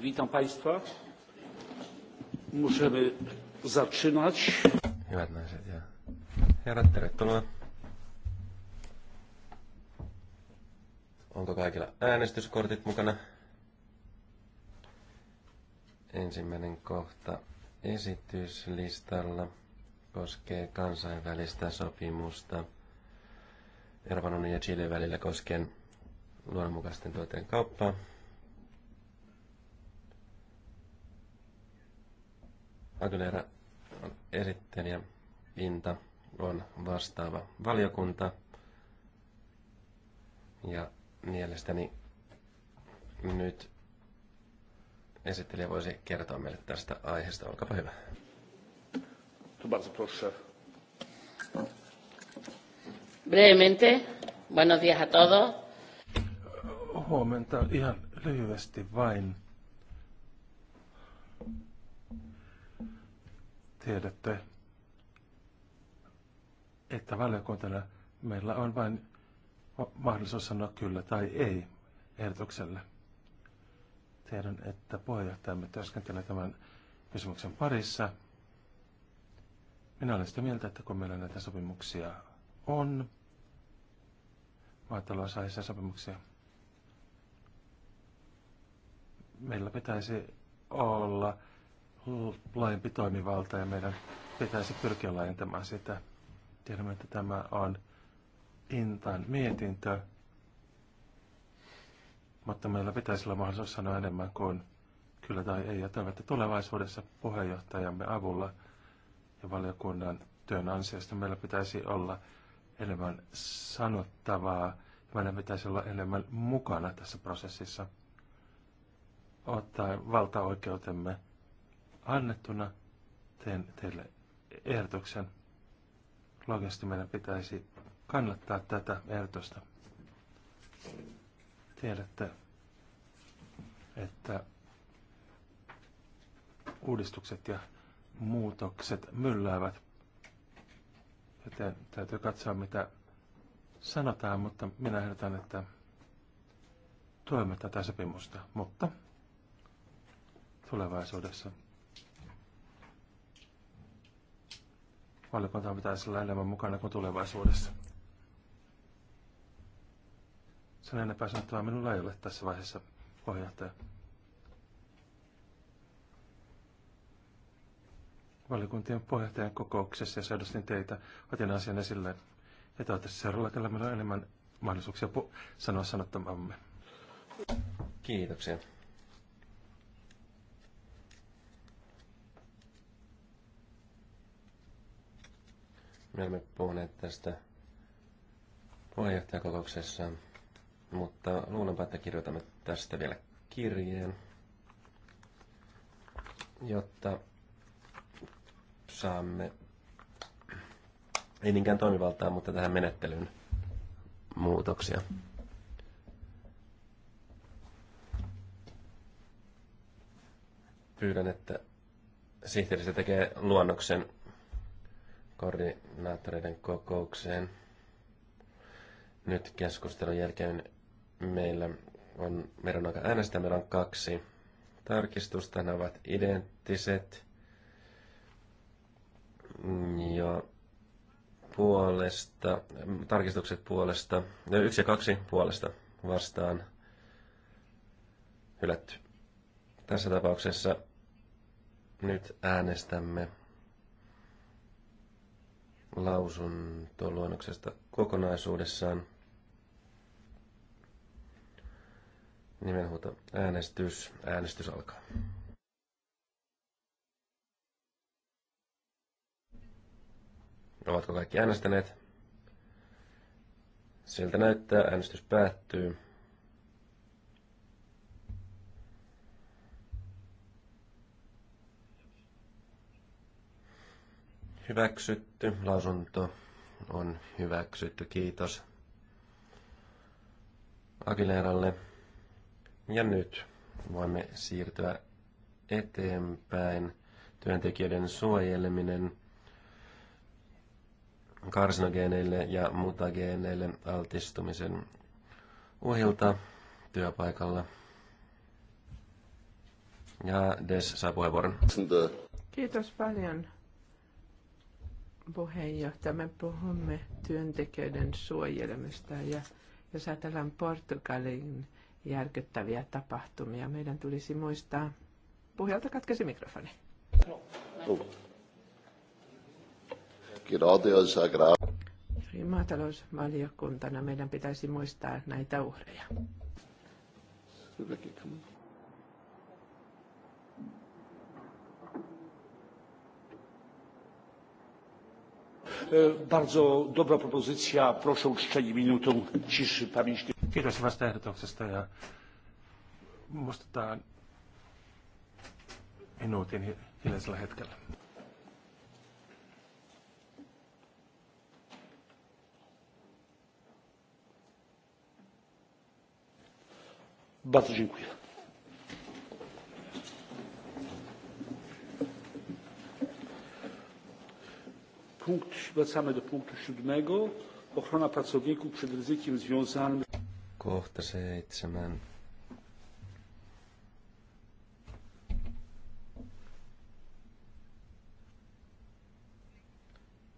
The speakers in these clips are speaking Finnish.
Witam Państwa. Możemy zaczynać. Ładna rzecz, ja herrat, tervetuloa. Onko kaikilla äänestyskortit mukana? Ensimmäinen kohta esityslistalla koskee kansainvälistä sopimusta Euroopan unionin ja Chile välillä koskien luonnonmukaisten tuotteiden kauppaa. Aguilera on esittelijä, Inta on vastaava valiokunta. Ja mielestäni nyt esittelijä voisi kertoa meille tästä aiheesta. Olkaapa hyvä. Brevemente, buenos días a todos. Huomenta ihan lyhyesti vain. tiedätte, että valiokuntana meillä on vain mahdollisuus sanoa kyllä tai ei ehdotukselle. Tiedän, että puheenjohtajamme työskentelee tämän kysymyksen parissa. Minä olen sitä mieltä, että kun meillä näitä sopimuksia on, maatalousaiheisia sopimuksia, meillä pitäisi olla laajempi toimivalta ja meidän pitäisi pyrkiä laajentamaan sitä. Tiedämme, että tämä on Intan mietintö, mutta meillä pitäisi olla mahdollisuus sanoa enemmän kuin kyllä tai ei. Ja toivon, että tulevaisuudessa puheenjohtajamme avulla ja valiokunnan työn ansiosta meillä pitäisi olla enemmän sanottavaa ja meidän pitäisi olla enemmän mukana tässä prosessissa ottaen valtaoikeutemme – annettuna teen teille ehdotuksen. Logisesti meidän pitäisi kannattaa tätä ehdotusta. Tiedätte, että uudistukset ja muutokset mylläävät. Joten täytyy katsoa, mitä sanotaan, mutta minä ehdotan, että tuemme tätä sopimusta, mutta tulevaisuudessa valiokunta pitäisi olla enemmän mukana kuin tulevaisuudessa. Sen enempää sanottavaa minulla ei ole tässä vaiheessa, puheenjohtaja. Valiokuntien puheenjohtajan kokouksessa, ja edustin teitä, otin asian esille. Ja toivottavasti seuraavalla kerralla meillä on enemmän mahdollisuuksia sanoa sanottamamme. Kiitoksia. Me olemme puhuneet tästä puheenjohtajakokouksessa, mutta luulenpa, että kirjoitamme tästä vielä kirjeen, jotta saamme, ei niinkään toimivaltaa, mutta tähän menettelyyn muutoksia. Pyydän, että sihteeristö tekee luonnoksen koordinaattoreiden kokoukseen. Nyt keskustelun jälkeen meillä on, meidän aika äänestää, meillä on kaksi tarkistusta, nämä ovat identtiset. Ja puolesta, tarkistukset puolesta, no, yksi ja kaksi puolesta vastaan hylätty. Tässä tapauksessa nyt äänestämme lausuntoluonnoksesta kokonaisuudessaan. Nimenhuuto äänestys. Äänestys alkaa. Ovatko kaikki äänestäneet? Siltä näyttää. Äänestys päättyy. hyväksytty. Lausunto on hyväksytty. Kiitos Aguileralle. Ja nyt voimme siirtyä eteenpäin. Työntekijöiden suojeleminen karsinogeeneille ja mutageeneille altistumisen uhilta työpaikalla. Ja Des saa puheenvuoron. Kiitos paljon puheenjohtaja. Me puhumme työntekijöiden suojelemista ja jos ajatellaan Portugalin järkyttäviä tapahtumia, meidän tulisi muistaa. Puhelta katkesi mikrofoni. Niin, maatalousvaliokuntana meidän pitäisi muistaa näitä uhreja. E, bardzo dobra propozycja. Proszę o uczczenie minutą ciszy pamięci. Kiitos hyvästä ehdotuksesta ja muistetaan minuutin hiljaisella hetkellä. Bardzo dziękuję. punkt, wracamy do punktu siódmego. Ochrona pracowników przed ryzykiem związanym... Kohta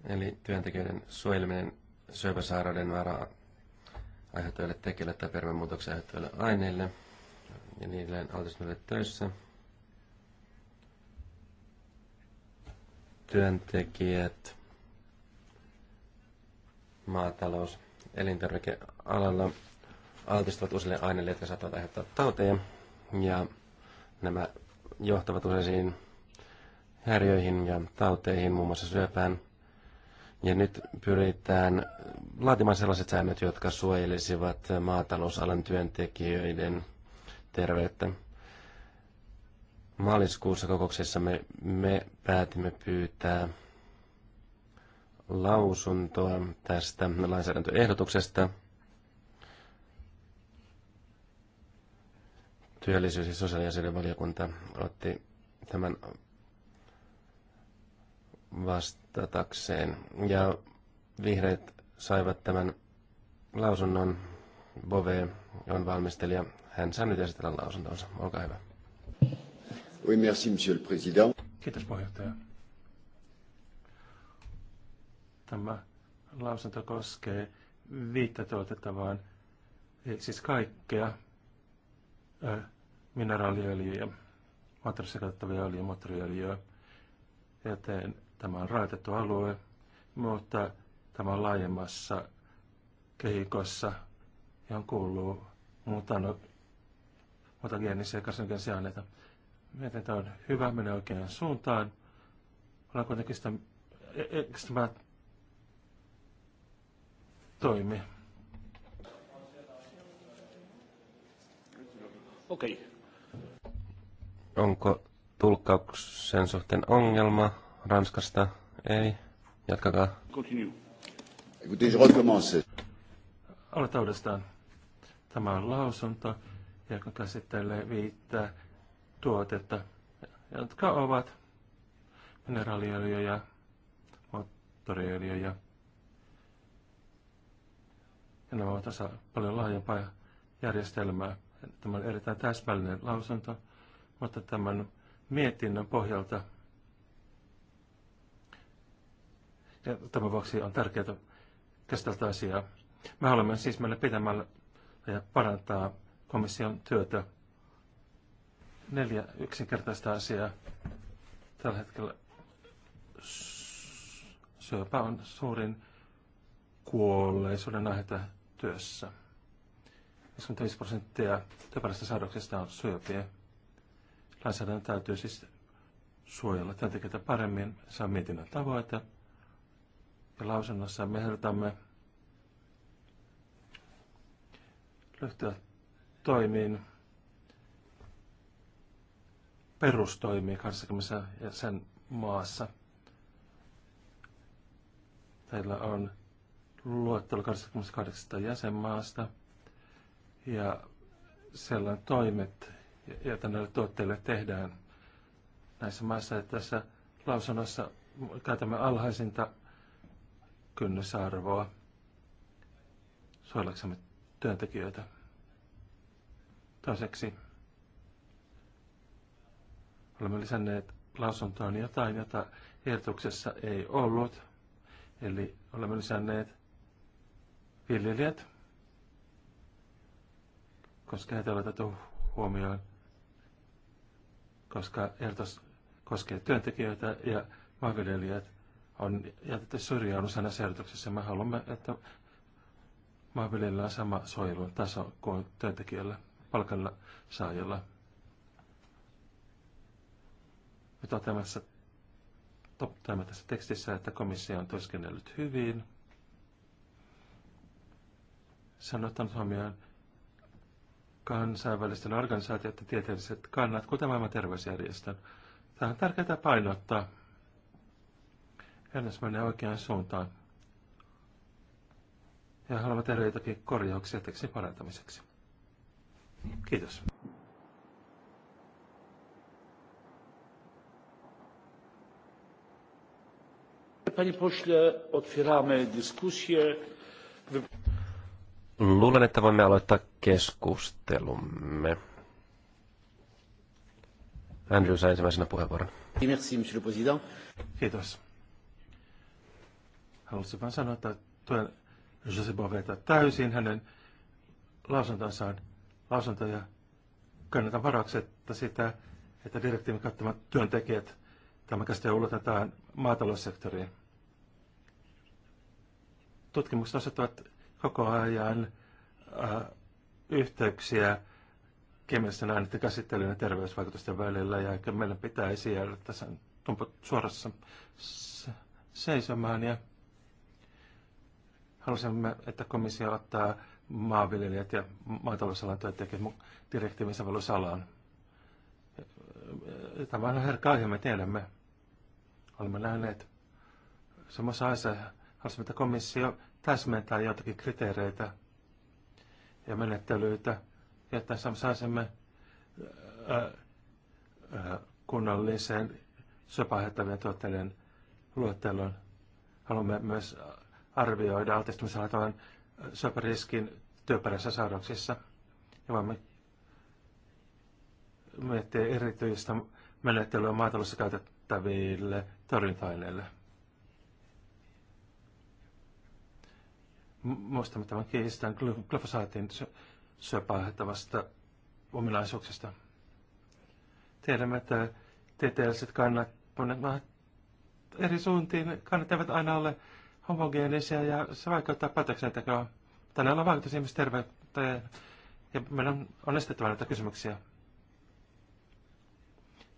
Eli työntekijöiden suojeleminen syöpäsairauden varaa aiheuttaville tekijöille tai terveydenmuutoksen aiheuttaville aineille ja niille niin altistuneille töissä. Työntekijät maatalous, elintarvikealalla altistuvat useille aineille, jotka saattavat aiheuttaa tauteja. Ja nämä johtavat useisiin häiriöihin ja tauteihin, muun muassa syöpään. Ja nyt pyritään laatimaan sellaiset säännöt, jotka suojelisivat maatalousalan työntekijöiden terveyttä. Maaliskuussa kokouksessa me, me päätimme pyytää lausuntoa tästä lainsäädäntöehdotuksesta. Työllisyys- ja sosiaaliasioiden valiokunta otti tämän vastatakseen. Ja vihreät saivat tämän lausunnon. Bove on valmistelija. Hän saa nyt esitellä lausuntonsa. Olkaa hyvä. Oui, merci, monsieur le président. Kiitos puheenjohtaja. Tämä lausunto koskee viittä vaan eh, siis kaikkea eh, mineraaliöljyjä, moottorissa käytettäviä öljyjä, moottoriöljyjä, joten tämä on raitettu alue, mutta tämä on laajemmassa kehikossa, johon kuuluu mutano, mutageenisiä ja karsinogenisia aineita. Mietin, on hyvä, menee oikeaan suuntaan. Olen kuitenkin sitä, e, e, sitä toimi. Okei. Okay. Onko tulkkauksen suhteen ongelma Ranskasta? Ei. Jatkakaa. Continue. Écoutez, uudestaan. Tämä on lausunto, joka käsittelee viittää tuotetta, jotka ovat mineraaliöljyjä, moottoriöljyjä, ja nämä ovat osa paljon laajempaa järjestelmää. Tämä on erittäin täsmällinen lausunto, mutta tämän mietinnön pohjalta ja tämän vuoksi on tärkeää käsitellä asiaa. Me haluamme siis meille pitämällä ja parantaa komission työtä neljä yksinkertaista asiaa. Tällä hetkellä syöpä on suurin kuolleisuuden aihe työssä. 55 prosenttia työperäisestä sairauksista on syöpiä. Lainsäädännön täytyy siis suojella työntekijöitä paremmin. Se on mietinnön tavoite. Ja lausunnossa me ehdotamme ryhtyä toimiin perustoimiin 20 ja sen maassa. Teillä on luettelo 28 jäsenmaasta ja sellainen toimet, joita näille tuotteille tehdään näissä maissa. Että tässä lausunnossa käytämme alhaisinta kynnysarvoa suojellaksemme työntekijöitä. Toiseksi olemme lisänneet lausuntoon jotain, jota ehdotuksessa ei ollut. Eli olemme lisänneet viljelijät, koska heitä on huomioon, koska ehdotus koskee työntekijöitä ja maanviljelijät on jätetty syrjään osana seurituksessa. Me haluamme, että maanviljelijällä on sama suojelun taso kuin työntekijällä, palkalla saajalla. Me toteamme tässä tekstissä, että komissio on työskennellyt hyvin – sanotaan huomioon kansainvälisten organisaatioiden tieteelliset kannat, kuten maailman terveysjärjestön. Tämä on tärkeää painottaa. Ennäs menee oikeaan suuntaan. Ja haluamme tehdä jotakin korjauksia tekstin parantamiseksi. Kiitos. Panie pośle, otwieramy dyskusję. Luulen, että voimme aloittaa keskustelumme. Andrew saa ensimmäisenä puheenvuoron. Merci, monsieur le président. Kiitos. Haluaisin vain sanoa, että tuen Jose Boveta täysin hänen lausuntonsa on lausunto ja kannatan varauksetta sitä, että direktiivin kattamat työntekijät tämä käsite ulotetaan maataloussektoriin. Tutkimukset osoittavat, koko ajan äh, yhteyksiä kemiallisten aineiden käsittelyyn ja terveysvaikutusten välillä, ja ehkä meillä pitäisi jäädä tässä suorassa seisomaan, ja halusimme, että komissio ottaa maanviljelijät ja maatalousalan työntekijät direktiivin sovellusalaan. Tämä on herkka aihe, me tiedämme. Olemme nähneet samassa asiassa, halusimme, että komissio täsmentää jotakin kriteereitä ja menettelyitä, jotta saisimme kunnalliseen sopahettavien tuotteiden luettelon. Haluamme myös arvioida altistumisaltavan sopariskin työperäisissä sairauksissa. Ja voimme miettiä erityistä menettelyä maatalossa käytettäville torjunta-aineille. muistamme tämän kiistan glyfosaatin syöpäaiheuttavasta ominaisuuksista. Tiedämme, että tieteelliset kannat monet eri suuntiin kannat eivät aina ole homogeenisia ja se vaikuttaa päätöksentekoon. Tänne ollaan vaikutus ihmisterveyteen ja meidän on estettävä näitä kysymyksiä.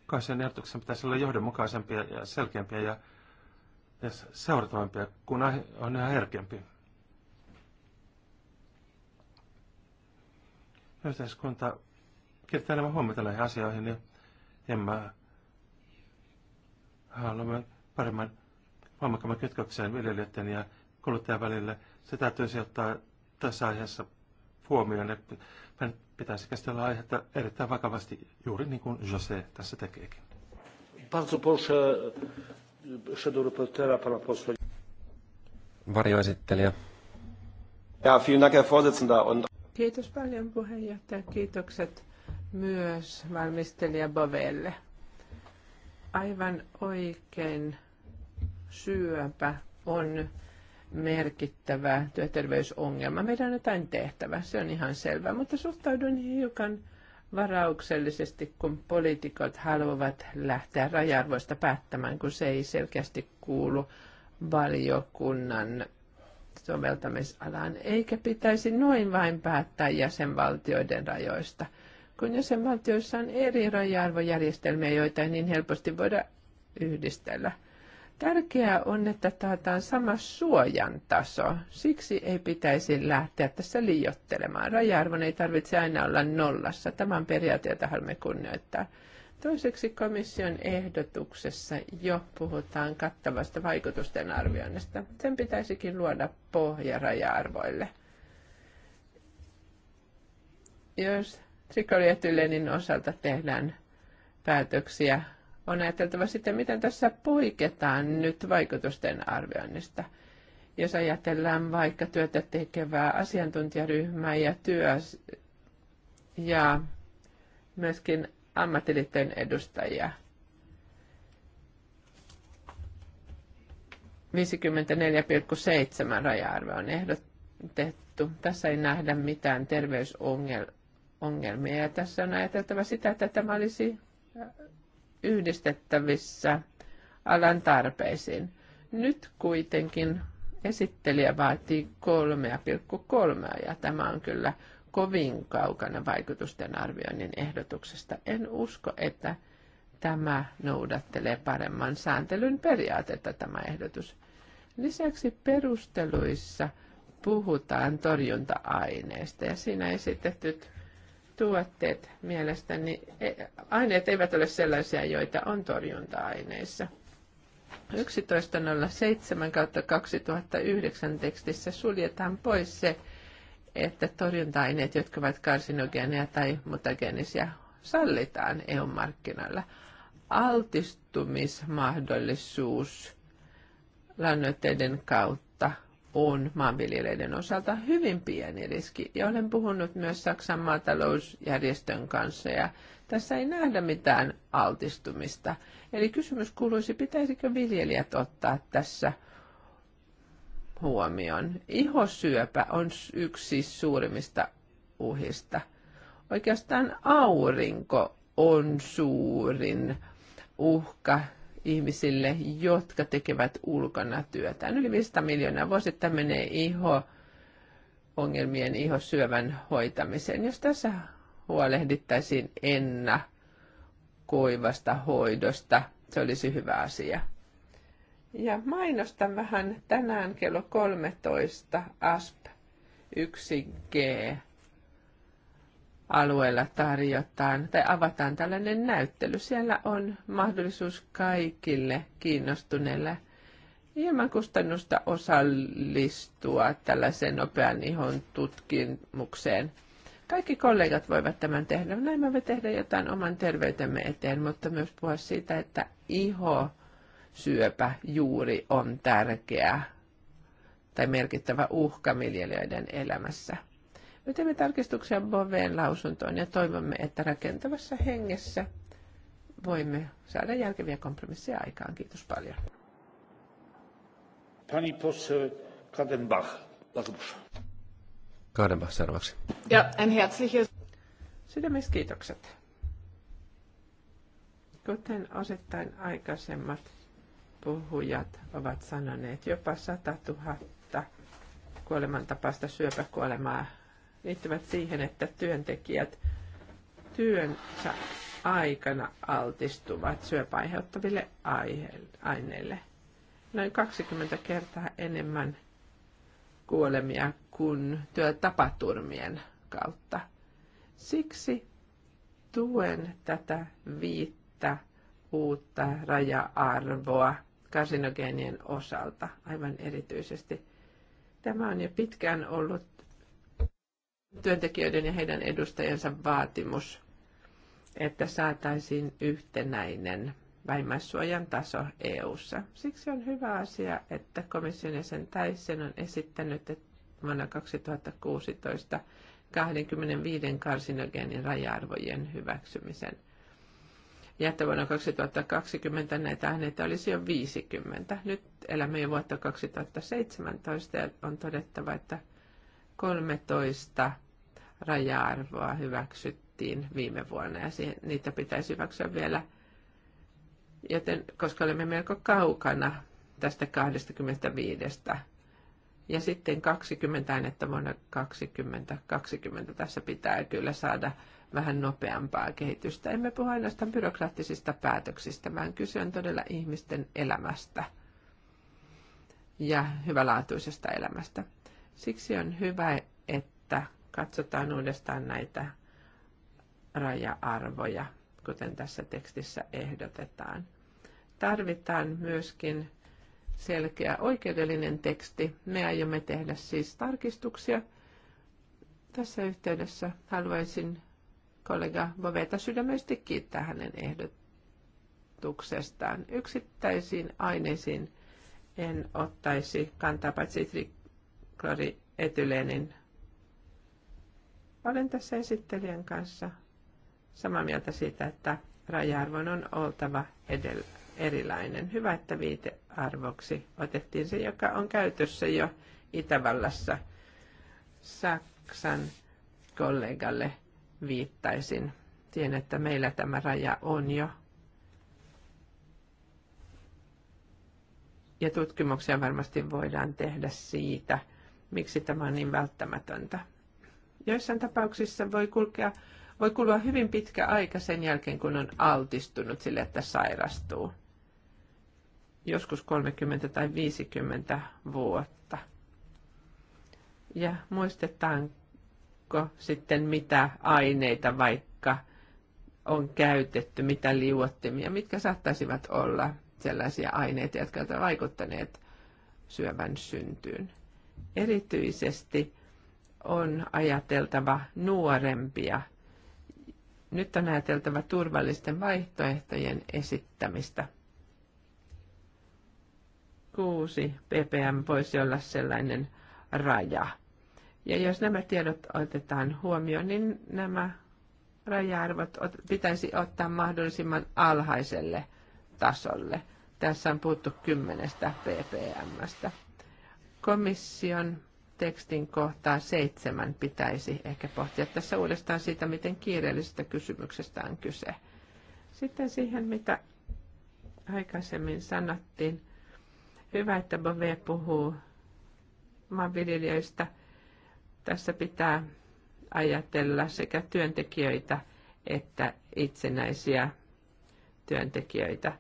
Kansan ehdotuksen pitäisi olla johdonmukaisempia ja selkeämpiä ja, ja seurattavampia, kun on yhä herkempi. yhteiskunta kiinnittää enemmän huomiota näihin asioihin, niin en mä haluamme paremman voimakkaamman kytkökseen viljelijöiden ja kuluttajan välille. Se täytyy ottaa tässä aiheessa huomioon, että pitäisi käsitellä aihetta erittäin vakavasti, juuri niin kuin Jose tässä tekeekin. Bardzo proszę e, reportera pana posła. Varjoesittelijä. Ja, vielen Dank, Herr Vorsitzender. Kiitos paljon puheenjohtaja. Kiitokset myös valmistelija Bovelle. Aivan oikein syöpä on merkittävä työterveysongelma. Meidän on jotain tehtävä, se on ihan selvä, mutta suhtaudun hiukan varauksellisesti, kun poliitikot haluavat lähteä raja päättämään, kun se ei selkeästi kuulu valiokunnan soveltamisalaan, eikä pitäisi noin vain päättää jäsenvaltioiden rajoista. Kun jäsenvaltioissa on eri raja-arvojärjestelmiä, joita ei niin helposti voida yhdistellä. Tärkeää on, että taataan sama suojan taso. Siksi ei pitäisi lähteä tässä liiottelemaan. Raja-arvon ei tarvitse aina olla nollassa. Tämän periaatteita haluamme kunnioittaa. Toiseksi komission ehdotuksessa jo puhutaan kattavasta vaikutusten arvioinnista. Sen pitäisikin luoda pohja raja-arvoille. Jos trikolietylenin osalta tehdään päätöksiä, on ajateltava sitten, miten tässä poiketaan nyt vaikutusten arvioinnista. Jos ajatellaan vaikka työtä tekevää asiantuntijaryhmää ja työ ja myöskin ammattiliittojen edustajia. 54,7 raja-arve on ehdotettu. Tässä ei nähdä mitään terveysongelmia. Ja tässä on ajateltava sitä, että tämä olisi yhdistettävissä alan tarpeisiin. Nyt kuitenkin esittelijä vaatii 3,3 ja tämä on kyllä kovin kaukana vaikutusten arvioinnin ehdotuksesta. En usko, että tämä noudattelee paremman sääntelyn periaatetta tämä ehdotus. Lisäksi perusteluissa puhutaan torjunta-aineista ja siinä esitetyt tuotteet mielestäni, e, aineet eivät ole sellaisia, joita on torjunta-aineissa. 11.07 kautta 2009 tekstissä suljetaan pois se, että torjunta-aineet, jotka ovat karsinogeneja tai mutageenisia, sallitaan EU-markkinoilla. Altistumismahdollisuus lannoitteiden kautta on maanviljelijöiden osalta hyvin pieni riski. Ja olen puhunut myös Saksan maatalousjärjestön kanssa ja tässä ei nähdä mitään altistumista. Eli kysymys kuuluisi, pitäisikö viljelijät ottaa tässä – huomioon. Ihosyöpä on yksi suurimmista uhista. Oikeastaan aurinko on suurin uhka ihmisille, jotka tekevät ulkona työtä. Yli 500 miljoonaa vuosittain menee iho ongelmien ihosyövän hoitamiseen. Jos tässä huolehdittaisiin ennakoivasta hoidosta, se olisi hyvä asia. Ja mainostan vähän tänään kello 13 ASP 1G alueella tarjotaan tai avataan tällainen näyttely. Siellä on mahdollisuus kaikille kiinnostuneille ilman kustannusta osallistua tällaiseen nopean ihon tutkimukseen. Kaikki kollegat voivat tämän tehdä. Näin me tehdä jotain oman terveytemme eteen, mutta myös puhua siitä, että iho syöpä juuri on tärkeä tai merkittävä uhka viljelijöiden elämässä. Me teemme tarkistuksia Boveen lausuntoon ja toivomme, että rakentavassa hengessä voimme saada järkeviä kompromisseja aikaan. Kiitos paljon. Pani posse Kadenbach, Kadenbach seuraavaksi. Ja, ein herzliches... kiitokset. Kuten osittain aikaisemmat puhujat ovat sanoneet, jopa 100 000 kuolemantapaista syöpäkuolemaa liittyvät siihen, että työntekijät työnsä aikana altistuvat syöpäaiheuttaville aineille. Noin 20 kertaa enemmän kuolemia kuin työtapaturmien kautta. Siksi tuen tätä viittä uutta raja-arvoa karsinogeenien osalta aivan erityisesti. Tämä on jo pitkään ollut työntekijöiden ja heidän edustajansa vaatimus, että saataisiin yhtenäinen vähimmäissuojan taso EU:ssa. Siksi on hyvä asia, että komission jäsen Taisen on esittänyt, että vuonna 2016 25 karsinogeenin raja-arvojen hyväksymisen – ja että vuonna 2020 näitä aineita olisi jo 50. Nyt elämme jo vuotta 2017 ja on todettava, että 13 raja-arvoa hyväksyttiin viime vuonna ja niitä pitäisi hyväksyä vielä, joten koska olemme melko kaukana tästä 25. Ja sitten 20 ainetta vuonna 2020. Tässä pitää kyllä saada vähän nopeampaa kehitystä. Emme puhu ainoastaan byrokraattisista päätöksistä, vaan kyse on todella ihmisten elämästä ja hyvälaatuisesta elämästä. Siksi on hyvä, että katsotaan uudestaan näitä raja-arvoja, kuten tässä tekstissä ehdotetaan. Tarvitaan myöskin selkeä oikeudellinen teksti. Me aiomme tehdä siis tarkistuksia. Tässä yhteydessä haluaisin kollega Boveta sydämellisesti kiittää hänen ehdotuksestaan. Yksittäisiin aineisiin en ottaisi kantaa paitsi triklorietylenin. Olen tässä esittelijän kanssa samaa mieltä siitä, että raja-arvon on oltava edellä erilainen. Hyvä, että viitearvoksi otettiin se, joka on käytössä jo Itävallassa Saksan kollegalle – viittaisin siihen, että meillä tämä raja on jo. Ja tutkimuksia varmasti voidaan tehdä siitä, miksi tämä on niin välttämätöntä. Joissain tapauksissa voi, kulkea, voi kulua hyvin pitkä aika sen jälkeen, kun on altistunut sille, että sairastuu. Joskus 30 tai 50 vuotta. Ja muistetaan onko sitten mitä aineita vaikka on käytetty, mitä liuottimia, mitkä saattaisivat olla sellaisia aineita, jotka ovat vaikuttaneet syövän syntyyn. Erityisesti on ajateltava nuorempia. Nyt on ajateltava turvallisten vaihtoehtojen esittämistä. 6 ppm voisi olla sellainen raja ja jos nämä tiedot otetaan huomioon, niin nämä raja-arvot pitäisi ottaa mahdollisimman alhaiselle tasolle. Tässä on puhuttu 10 ppmstä. Komission tekstin kohtaa seitsemän pitäisi ehkä pohtia tässä uudestaan siitä, miten kiireellisestä kysymyksestä on kyse. Sitten siihen, mitä aikaisemmin sanottiin. Hyvä, että Bove puhuu maanviljelijöistä – tässä pitää ajatella sekä työntekijöitä että itsenäisiä työntekijöitä.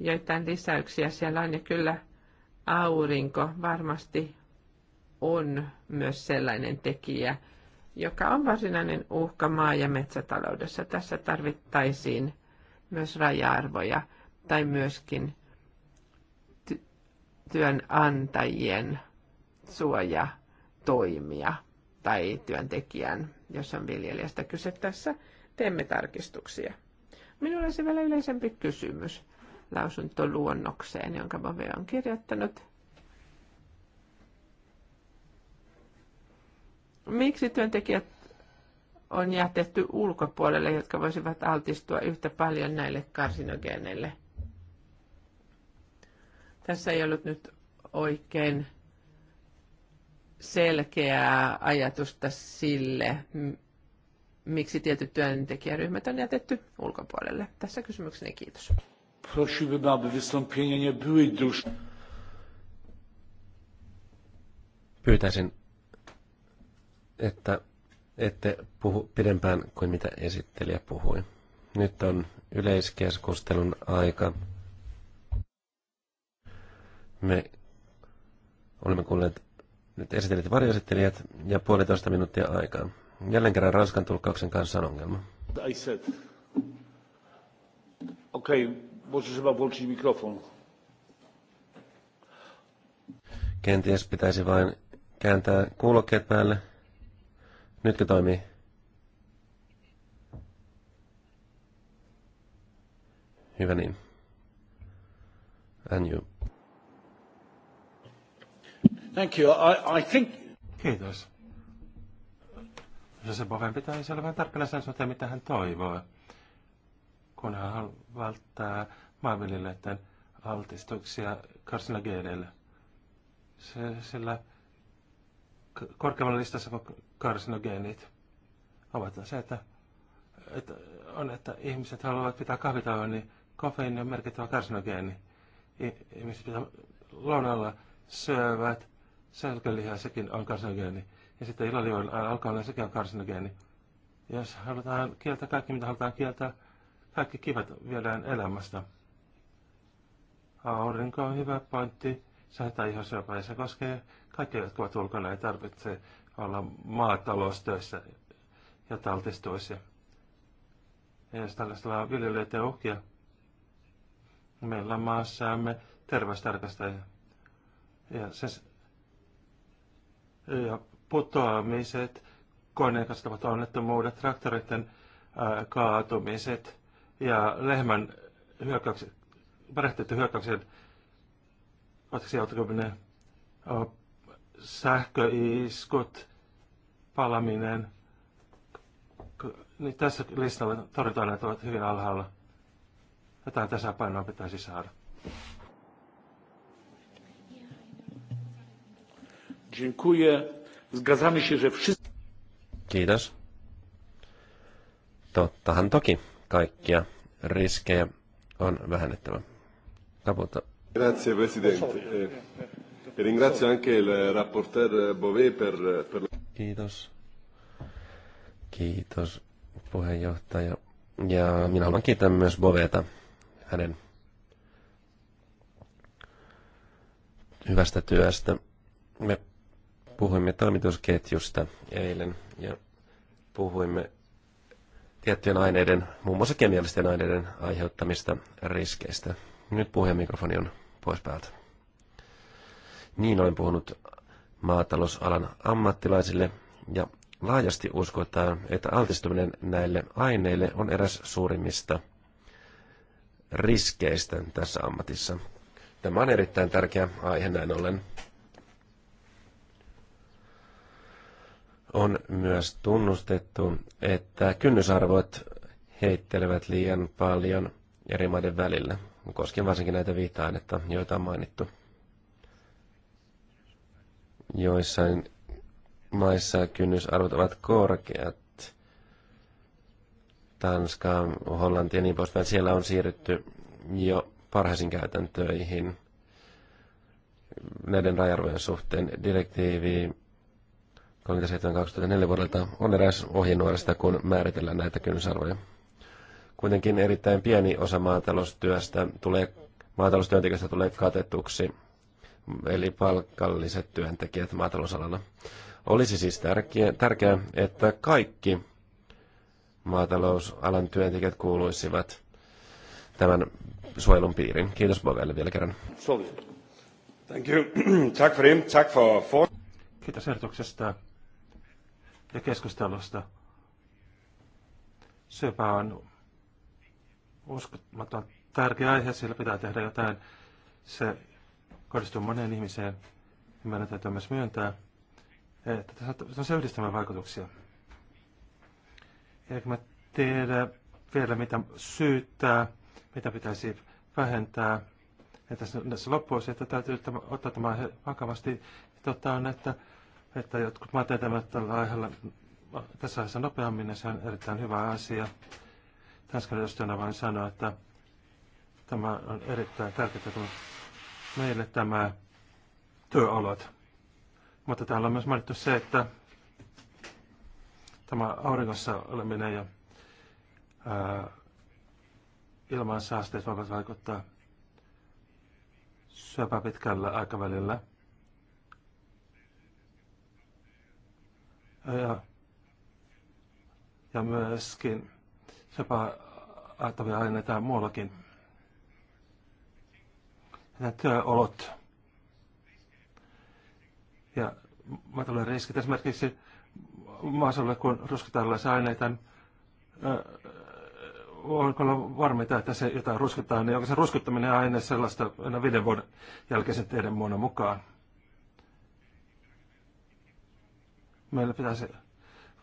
Joitain lisäyksiä siellä on ja kyllä aurinko varmasti on myös sellainen tekijä, joka on varsinainen uhka maa- ja metsätaloudessa. Tässä tarvittaisiin myös raja-arvoja tai myöskin ty- työnantajien suojatoimia tai työntekijän, jos on viljelijästä kyse tässä, teemme tarkistuksia. Minulla olisi vielä yleisempi kysymys lausuntoluonnokseen, jonka Bove on kirjoittanut. Miksi työntekijät on jätetty ulkopuolelle, jotka voisivat altistua yhtä paljon näille karsinogeeneille? Tässä ei ollut nyt oikein selkeää ajatusta sille, miksi tietyt työntekijäryhmät on jätetty ulkopuolelle. Tässä kysymykseni kiitos. Pyytäisin, että ette puhu pidempään kuin mitä esittelijä puhui. Nyt on yleiskeskustelun aika. Me olemme kuulleet nyt esittelijät ja varjoesittelijät ja puolitoista minuuttia aikaa. Jälleen kerran Ranskan tulkkauksen kanssa on ongelma. I said. Okei, okay, może włączyć mikrofon. Kenties pitäisi vain kääntää kuulokkeet päälle. Nytkö toimii? Hyvä niin. And you. Thank you. I, I think... Kiitos. Jos se Boven pitäisi olla vähän tarkkana sen suhteen, mitä hän toivoo, kun hän välttää maanviljelijöiden altistuksia karsinogeeneille. Se, sillä korkeammalla listassa karsinogeenit ovat se, että, että, on, että ihmiset haluavat pitää kahvitauon, niin kofeiini on merkittävä karsinogeeni. Ihmiset pitää lounalla syövät selkäliha, sekin on karsinogeeni. Ja sitten ilalion alkoholi, sekin on karsinogeeni. Jos halutaan kieltää kaikki, mitä halutaan kieltää, kaikki kivet viedään elämästä. Aurinko on hyvä pointti, saattaa ihosyöpää ja se koskee kaikkia, jotka ovat ulkona, ei tarvitse olla maataloustöissä ja taltistuisi. Ja jos on viljelijöiden uhkia, meillä on maassamme terveystarkastaja. Ja se ja putoamiset, koneen kasvavat onnettomuudet, traktoreiden kaatumiset ja lehmän hyökkäykset, pärähtetty hyökkäyksen vatkisiautokominen, sähköiskut, palaminen, niin tässä listalla torjunta-aineet ovat hyvin alhaalla. Jotain tasapainoa pitäisi saada. Dziękuję. Zgadzamy się, że wszyscy... Kiitos. Tottahan toki kaikkia riskejä on vähennettävä. Kaputa. Grazie Presidente. Eh, e ringrazio anche il rapporteur Bové per, per... Kiitos. Kiitos puheenjohtaja. Ja minä haluan kiittää myös Boveta hänen hyvästä työstä. Me Puhuimme toimitusketjusta eilen ja puhuimme tiettyjen aineiden, muun muassa kemiallisten aineiden aiheuttamista riskeistä. Nyt puheen mikrofoni on pois päältä. Niin olen puhunut maatalousalan ammattilaisille ja laajasti uskotaan, että altistuminen näille aineille on eräs suurimmista riskeistä tässä ammatissa. Tämä on erittäin tärkeä aihe näin ollen. On myös tunnustettu, että kynnysarvot heittelevät liian paljon eri maiden välillä, koskien varsinkin näitä viita-ainetta, joita on mainittu. Joissain maissa kynnysarvot ovat korkeat. Tanska, Hollanti ja niin poispäin. Siellä on siirrytty jo parhaisiin käytäntöihin näiden rajarvojen suhteen. Direktiivi 37-2004 vuodelta on eräs ohjenuorista, kun määritellään näitä kynnysarvoja. Kuitenkin erittäin pieni osa maataloustyöstä tulee, maataloustyöntekijöistä tulee katetuksi, eli palkalliset työntekijät maatalousalalla. Olisi siis tärkeää, että kaikki maatalousalan työntekijät kuuluisivat tämän suojelun piiriin. Kiitos Bovelle vielä kerran. Thank you. Tack för det. Tack för... Kiitos ehdotuksesta ja keskustelusta. Syöpä on uskomaton tärkeä aihe, sillä pitää tehdä jotain. Se kohdistuu moneen ihmiseen. Ja meidän täytyy myös myöntää, että tässä on yhdistämään vaikutuksia. Eikö mä tiedä vielä, mitä syyttää, mitä pitäisi vähentää. Ja tässä, tässä loppuosi, että täytyy ottaa tämä vakavasti. Totta on, että että jotkut maat etävät tällä aiheella tässä aiheessa nopeammin, ja se on erittäin hyvä asia. Tanskan edustajana vain sanoa, että tämä on erittäin tärkeää tämä, meille tämä työolot. Mutta täällä on myös mainittu se, että tämä auringossa oleminen ja ilmansaasteet voivat vaikuttaa syöpää pitkällä aikavälillä – Ja, ja myöskin sepa ajattavia aineita muuallakin. Nämä työolot ja matalan riskit esimerkiksi maaseudulle, kun ruskitaan tällaisia aineita, niin voinko olla varmita, että se jotain ruskitaan, niin onko se ruskuttaminen aine sellaista aina viiden vuoden jälkeisen teidän muodon mukaan? meillä pitäisi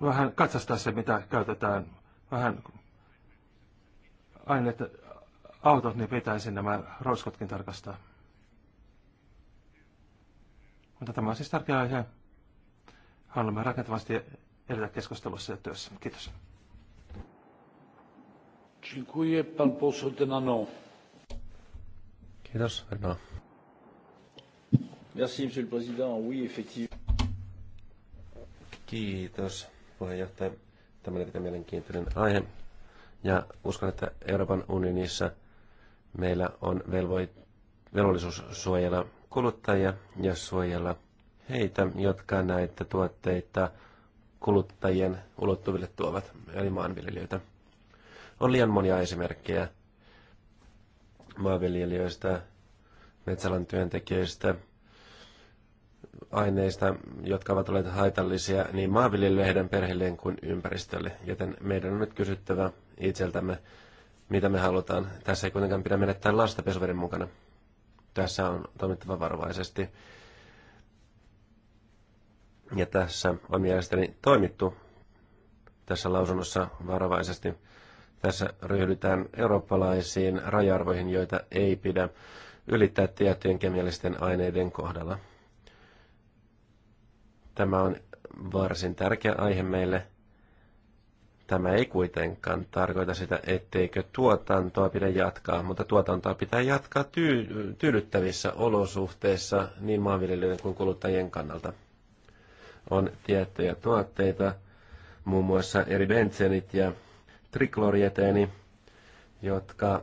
vähän katsastaa se, mitä käytetään. Vähän aineet, autot, niin pitäisi nämä roskotkin tarkastaa. Mutta tämä on siis tärkeä aihe. Haluamme rakentavasti edetä keskustelussa ja työssä. Kiitos. Dziękuję pan poseł Denano. Kiitos, Denano. Merci, monsieur le président. Oui, effectivement. Kiitos puheenjohtaja. Tämä oli erittäin mielenkiintoinen aihe. Ja uskon, että Euroopan unionissa meillä on velvoit, velvollisuus suojella kuluttajia ja suojella heitä, jotka näitä tuotteita kuluttajien ulottuville tuovat, eli maanviljelijöitä. On liian monia esimerkkejä maanviljelijöistä, metsäalan työntekijöistä, aineista, jotka ovat olleet haitallisia niin maanviljelijöille, heidän perheilleen kuin ympäristölle. Joten meidän on nyt kysyttävä itseltämme, mitä me halutaan. Tässä ei kuitenkaan pidä menettää lasta pesuveden mukana. Tässä on toimittava varovaisesti. Ja tässä on mielestäni toimittu tässä lausunnossa varovaisesti. Tässä ryhdytään eurooppalaisiin raja joita ei pidä ylittää tiettyjen kemiallisten aineiden kohdalla. Tämä on varsin tärkeä aihe meille. Tämä ei kuitenkaan tarkoita sitä, etteikö tuotantoa pidä jatkaa, mutta tuotantoa pitää jatkaa tyy- tyydyttävissä olosuhteissa niin maanviljelijöiden kuin kuluttajien kannalta. On tiettyjä tuotteita, muun muassa eri bentsenit ja triklorieteeni, jotka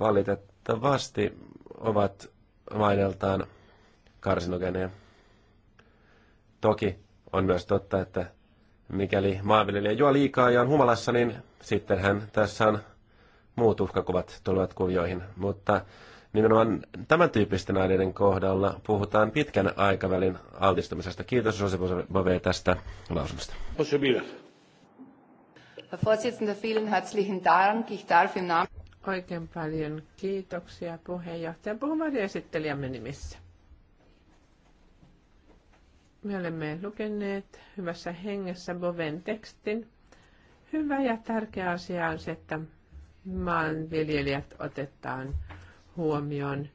valitettavasti ovat maineltaan karsinogeneja. Toki on myös totta, että mikäli maanviljelijä juo liikaa ja on humalassa, niin sittenhän tässä on muut uhkakuvat tulevat kuvioihin. Mutta nimenomaan tämän tyyppisten aineiden kohdalla puhutaan pitkän aikavälin altistumisesta. Kiitos Jose Bove tästä lausunnosta. Herr Vorsitzender, vielen herzlichen Dank. Ich darf im Namen Oikein paljon kiitoksia puheenjohtajan puhumaan esittelijämme nimissä. Me olemme lukeneet hyvässä hengessä Boven tekstin. Hyvä ja tärkeä asia on se, että maanviljelijät otetaan huomioon.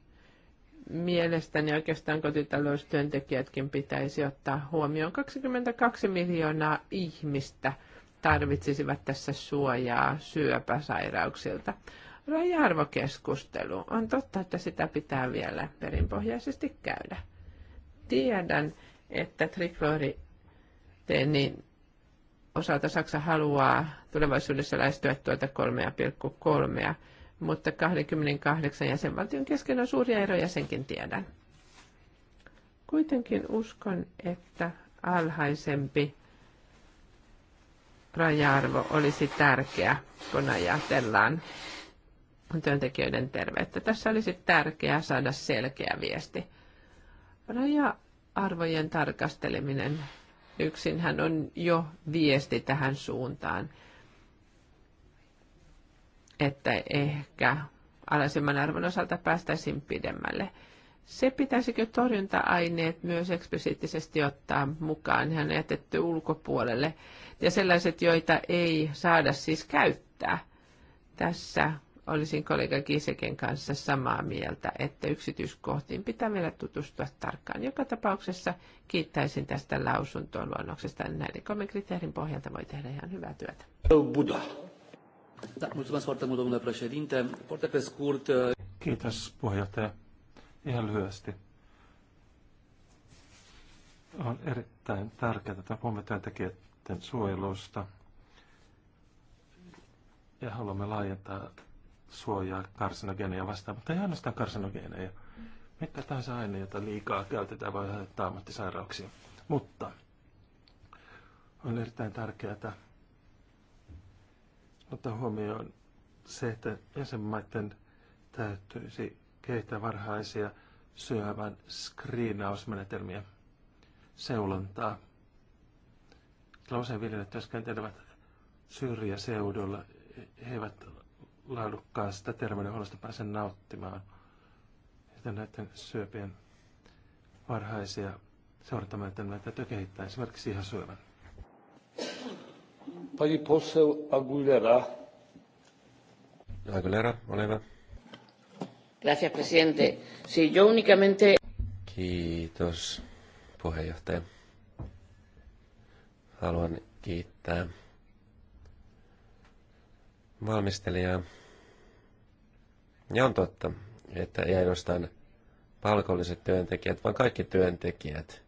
Mielestäni oikeastaan kotitaloustyöntekijätkin pitäisi ottaa huomioon. 22 miljoonaa ihmistä tarvitsisivat tässä suojaa syöpäsairauksilta. Raja-arvokeskustelu. On totta, että sitä pitää vielä perinpohjaisesti käydä. Tiedän, että niin osalta Saksa haluaa tulevaisuudessa lähestyä tuota 3,3, mutta 28 jäsenvaltion kesken on suuria eroja, senkin tiedän. Kuitenkin uskon, että alhaisempi raja-arvo olisi tärkeä, kun ajatellaan työntekijöiden terveyttä. Tässä olisi tärkeää saada selkeä viesti. Raja arvojen tarkasteleminen yksinhän on jo viesti tähän suuntaan, että ehkä alaisemman arvon osalta päästäisiin pidemmälle. Se pitäisikö torjunta-aineet myös eksplisiittisesti ottaa mukaan, hän jätetty ulkopuolelle, ja sellaiset, joita ei saada siis käyttää. Tässä olisin kollega Kiseken kanssa samaa mieltä, että yksityiskohtiin pitää vielä tutustua tarkkaan. Joka tapauksessa kiittäisin tästä lausuntoon luonnoksesta. Näiden kolmen kriteerin pohjalta voi tehdä ihan hyvää työtä. Buddha. Uh, Kiitos, puheenjohtaja. Ihan lyhyesti. On erittäin tärkeää, että puhumme työntekijöiden suojelusta ja haluamme laajentaa suojaa karsinogeneja vastaan, mutta ei ainoastaan karsinogeneja. Mitkä tahansa aine, jota liikaa käytetään, voi aiheuttaa ammattisairauksia. Mutta on erittäin tärkeää ottaa huomioon se, että jäsenmaiden täytyisi kehittää varhaisia syövän skriinausmenetelmiä, seulontaa. Kyllä usein viljelijät työskentelevät syrjäseudulla, he eivät laadukkaasta terveydenhuollosta pääsen nauttimaan. Ja näiden syöpien varhaisia seurantamenetelmiä täytyy kehittää esimerkiksi ihan syövän. Pani poseł Aguilera. Aguilera, ole hyvä. Gracias, presidente. Si yo únicamente... Kiitos, puheenjohtaja. Haluan kiittää valmistelijaa. Ja on totta, että ei ainoastaan palkolliset työntekijät, vaan kaikki työntekijät,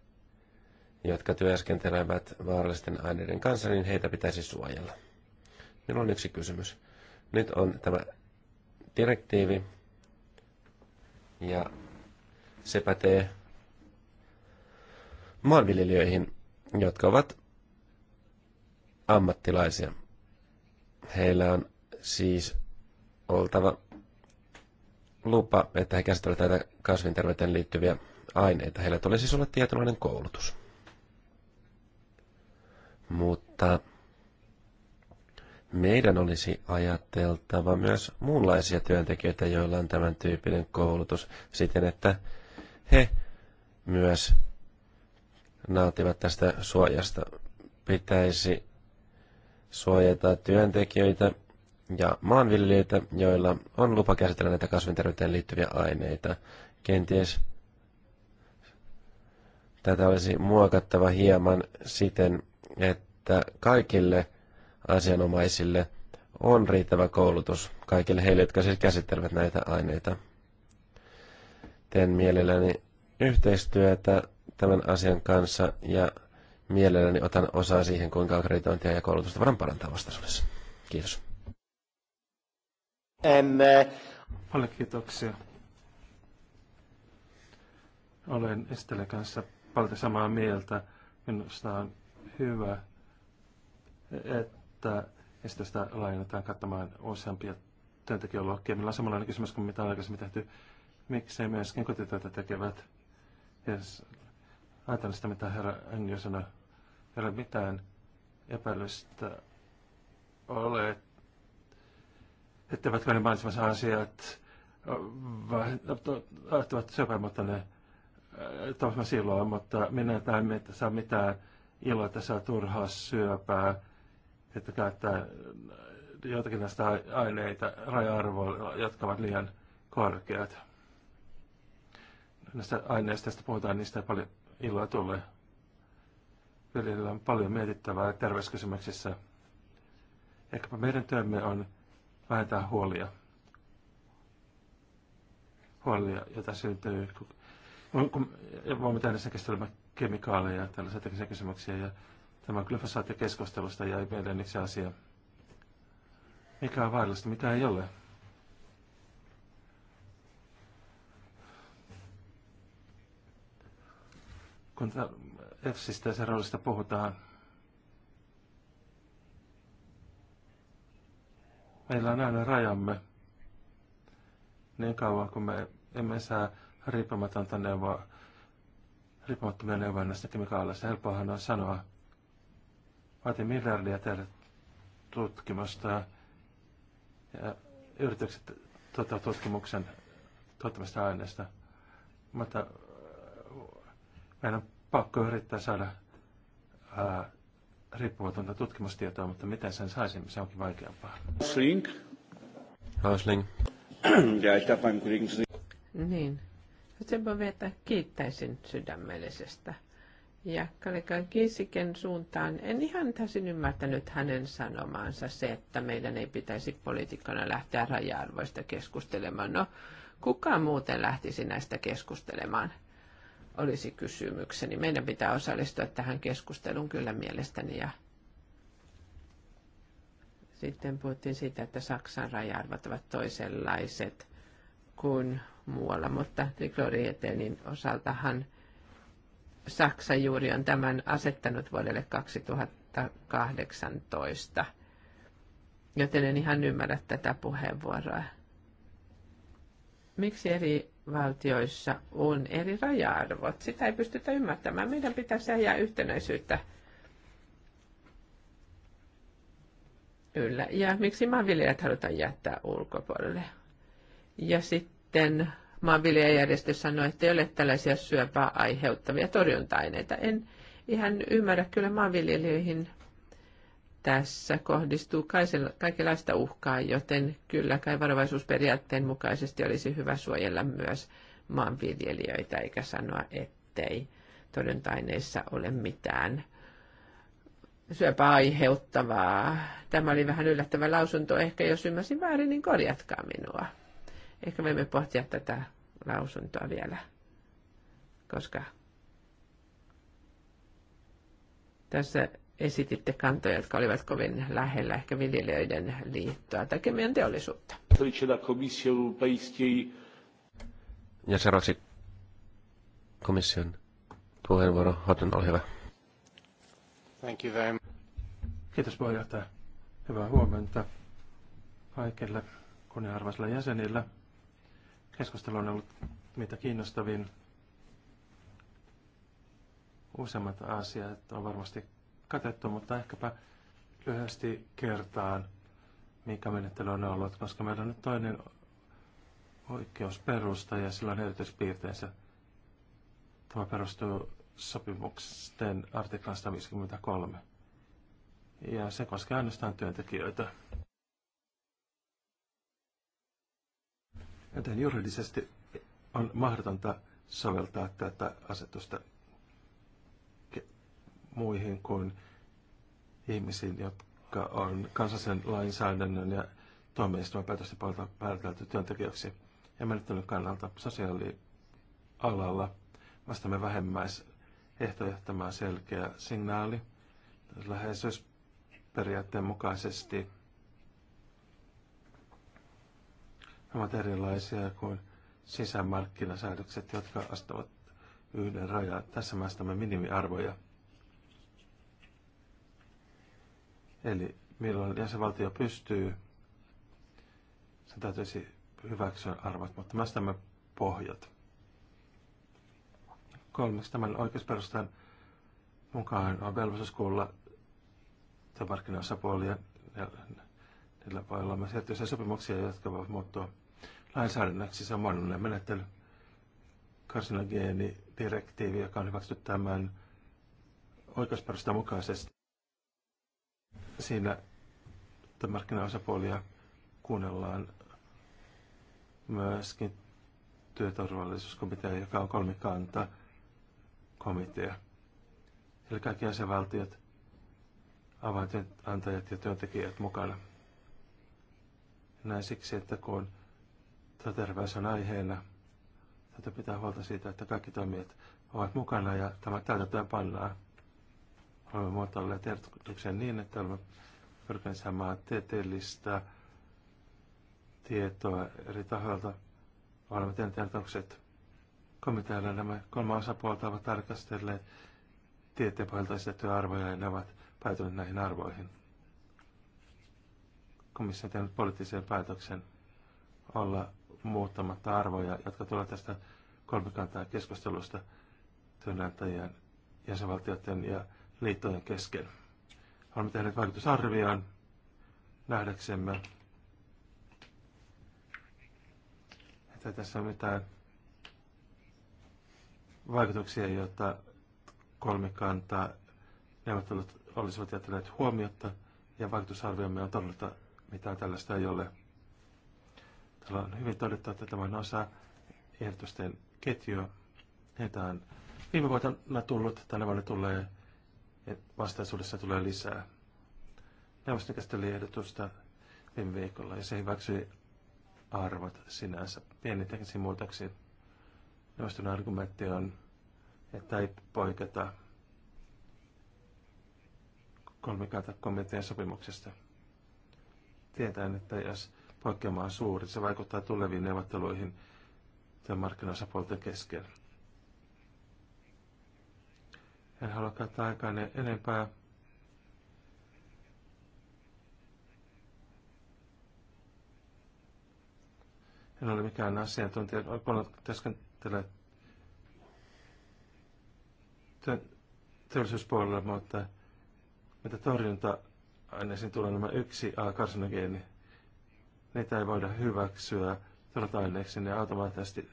jotka työskentelevät vaarallisten aineiden kanssa, niin heitä pitäisi suojella. Minulla on yksi kysymys. Nyt on tämä direktiivi, ja se pätee maanviljelijöihin, jotka ovat ammattilaisia. Heillä on siis oltava lupa, että he käsittelevät näitä kasvinterveyteen liittyviä aineita. Heillä tulee siis olla tietynlainen koulutus. Mutta meidän olisi ajateltava myös muunlaisia työntekijöitä, joilla on tämän tyyppinen koulutus siten, että he myös nautivat tästä suojasta. Pitäisi suojata työntekijöitä ja maanviljelijöitä, joilla on lupa käsitellä näitä kasvinterveyteen liittyviä aineita. Kenties tätä olisi muokattava hieman siten, että kaikille asianomaisille on riittävä koulutus, kaikille heille, jotka siis käsittelevät näitä aineita. Teen mielelläni yhteistyötä tämän asian kanssa ja mielelläni otan osaa siihen, kuinka akkreditointia ja koulutusta voidaan parantaa vastaisuudessa. Kiitos. And, eh, Paljon kiitoksia. Olen Estelle kanssa paljon samaa mieltä. Minusta on hyvä, että esitystä laajennetaan kattamaan useampia työntekijäluokkia. Meillä on samanlainen kysymys kuin mitä on aikaisemmin tehty. Miksei myöskin kotitöitä tekevät? Jos ajatellaan sitä, mitä herra Anjo sanoi, ei ole mitään epäilystä ole, ettevätkö ne mainitsemassa asiat vaihtavat no, syöpään, ne äh, tohma silloin, mutta minä näin, että saa mitään iloa, että saa turhaa syöpää, että käyttää äh, joitakin näistä aineita raja-arvoilla, jotka ovat liian korkeat. Näistä aineista, tästä puhutaan, niistä ei paljon iloa tule. Viljelijöillä on paljon mietittävää terveyskysymyksissä. Ehkäpä meidän työmme on vähentää huolia. Huolia, jota syntyy, kun, kun voimme tehdä sen käsittelemään kemikaaleja, tällaisia teknisiä kysymyksiä. Ja tämä glyfosaattikeskustelusta jäi meidän yksi asia. Mikä on vaarallista, mitä ei ole. Kun F-sistä ja sen roolista puhutaan, Meillä on aina rajamme niin kauan, kun me emme saa riippumatonta neuvoa, riippumattomia neuvoja näistä kemikaaleista. Helppohan on sanoa, Vaati miljardia tehdä tutkimusta ja yritykset tuottaa tutkimuksen tuottamista aineista. Mutta äh, meidän on pakko yrittää saada ää, äh, riippumatonta tutkimustietoa, mutta miten sen saisimme, se onkin vaikeampaa. Sling. Hausling. Ja Niin. Sen vielä kiittäisin sydämellisestä. Ja Kalekan Kiisiken suuntaan en ihan täysin ymmärtänyt hänen sanomaansa se, että meidän ei pitäisi poliitikkona lähteä raja-arvoista keskustelemaan. No, kuka muuten lähtisi näistä keskustelemaan? olisi kysymykseni. Meidän pitää osallistua tähän keskusteluun kyllä mielestäni. Ja sitten puhuttiin siitä, että Saksan raja-arvot ovat toisenlaiset kuin muualla, mutta diklorietelin osaltahan Saksa juuri on tämän asettanut vuodelle 2018. Joten en ihan ymmärrä tätä puheenvuoroa. Miksi eri valtioissa on eri raja-arvot. Sitä ei pystytä ymmärtämään. Meidän pitäisi ajaa yhtenäisyyttä yllä. Ja miksi maanviljelijät halutaan jättää ulkopuolelle? Ja sitten maanviljelijäjärjestö sanoi, että ei ole tällaisia syöpää aiheuttavia torjunta-aineita. En ihan ymmärrä kyllä maanviljelijöihin tässä kohdistuu kaikenlaista uhkaa, joten kyllä kai varovaisuusperiaatteen mukaisesti olisi hyvä suojella myös maanviljelijöitä, eikä sanoa, ettei todentaineissa ole mitään syöpää aiheuttavaa. Tämä oli vähän yllättävä lausunto. Ehkä jos ymmärsin väärin, niin korjatkaa minua. Ehkä me emme pohtia tätä lausuntoa vielä, koska tässä esititte kantoja, jotka olivat kovin lähellä ehkä viljelijöiden liittoa tai kemian teollisuutta. Ja seuraavaksi komission puheenvuoro. Hotman, ole hyvä. Thank you very much. Kiitos puheenjohtaja. Hyvää huomenta kaikille kunnianarvoisille jäsenille. Keskustelu on ollut mitä kiinnostavin. Useimmat asiat on varmasti katettu, mutta ehkäpä lyhyesti kertaan, mikä menettely on ollut, koska meillä on nyt toinen oikeusperusta ja sillä on erityispiirteensä. Tämä perustuu sopimuksen artiklan 153. Ja se koskee ainoastaan työntekijöitä. Joten juridisesti on mahdotonta soveltaa tätä asetusta muihin kuin ihmisiin, jotka on kansallisen lainsäädännön ja tuomioistuimen päätösten puolelta päätelty työntekijöksi ja menettänyt kannalta sosiaalialalla vastamme vähemmäisehtoja. Tämä on selkeä signaali läheisyysperiaatteen mukaisesti. Nämä ovat erilaisia kuin sisämarkkinasäädökset, jotka astavat yhden rajan. Tässä määstämme minimiarvoja. Eli milloin jäsenvaltio pystyy, sen täytyisi hyväksyä arvot, mutta myös tämä pohjat. Kolmeksi tämän oikeusperustan mukaan on velvollisuus kuulla työmarkkinaosapuolia. Niillä voi olla myös erityisiä sopimuksia, jotka voivat muuttua lainsäädännöksi. Se on mahdollinen menettely. Karsinogeeni direktiivi, joka on hyväksytty tämän oikeusperustan mukaisesti. Siinä markkinaosapuolia kuunnellaan myöskin työturvallisuuskomitea, joka on kolmikanta komitea. Eli kaikki jäsenvaltiot, avaintyönantajat ja työntekijät mukana. Näin siksi, että kun terveys on aiheena, täytyy pitää huolta siitä, että kaikki toimijat ovat mukana ja tämä täytetään pannaan olemme muotoilleet ehdotuksen niin, että olemme pyrkineet saamaan tieteellistä tietoa eri tahoilta. Olemme tehneet ehdotukset komitealle. Nämä kolme osapuolta ovat tarkastelleet tieteen pohjalta esitettyjä arvoja ja ne ovat päätyneet näihin arvoihin. Komissio on tehnyt poliittisen päätöksen olla muuttamatta arvoja, jotka tulevat tästä kolmikantaa keskustelusta työnantajien, jäsenvaltioiden ja liittojen kesken. Olemme tehneet vaikutusarvioon nähdäksemme, että tässä on mitään vaikutuksia, joita kolmikanta neuvottelut olisivat jättäneet huomiota, ja vaikutusarviomme on todella, mitään tällaista ei ole. Täällä on hyvin todettu, että tämä on osa ehdotusten ketjua. Heitä on viime vuotena tullut, tänä vuonna tulee vastaisuudessa tulee lisää. Neuvosto käsitteli ehdotusta viime viikolla ja se hyväksyi arvot sinänsä pieni teknisiin muutoksi. Neuvoston argumentti on, että ei poiketa komitean sopimuksesta. Tietään, että jos poikkeama on suuri, se vaikuttaa tuleviin neuvotteluihin työmarkkinaosapuolten kesken. En halua käyttää aikaanne enempää. En ole mikään asiantuntija, kun työskentelee teollisuuspuolella, mutta mitä torjunta-aineisiin tulee nämä niin yksi A-karsinogeeni, niitä ei voida hyväksyä torjunta-aineeksi, ne automaattisesti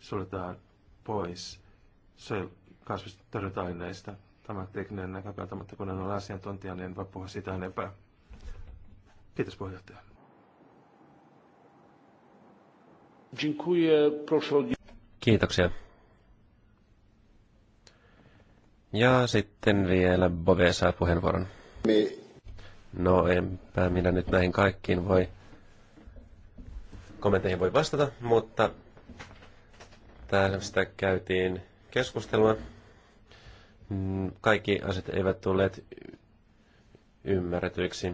suljetaan pois. Se kasvistorjunta-aineista. Tämä tekninen näkökulma, mutta kun en ole asiantuntija, niin en voi puhua sitä enempää. Kiitos puheenjohtaja. Kiitoksia. Ja sitten vielä Bove saa puheenvuoron. No enpä minä nyt näihin kaikkiin voi, kommenteihin voi vastata, mutta tästä käytiin keskustelua. Mm, kaikki asiat eivät tulleet ymmärretyiksi.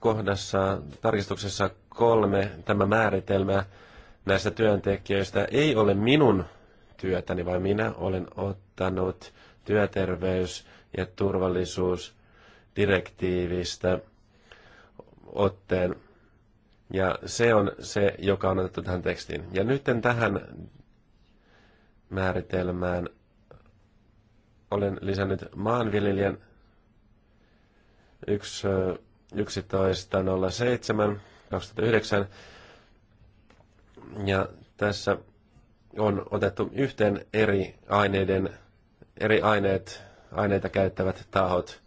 Kohdassa tarkistuksessa kolme tämä määritelmä näistä työntekijöistä ei ole minun työtäni, vaan minä olen ottanut työterveys- ja turvallisuusdirektiivistä otteen. Ja se on se, joka on otettu tähän tekstiin. Ja nyt tähän määritelmään olen lisännyt maanviljelijän 11.07.2009 ja tässä on otettu yhteen eri aineiden, eri aineet, aineita käyttävät tahot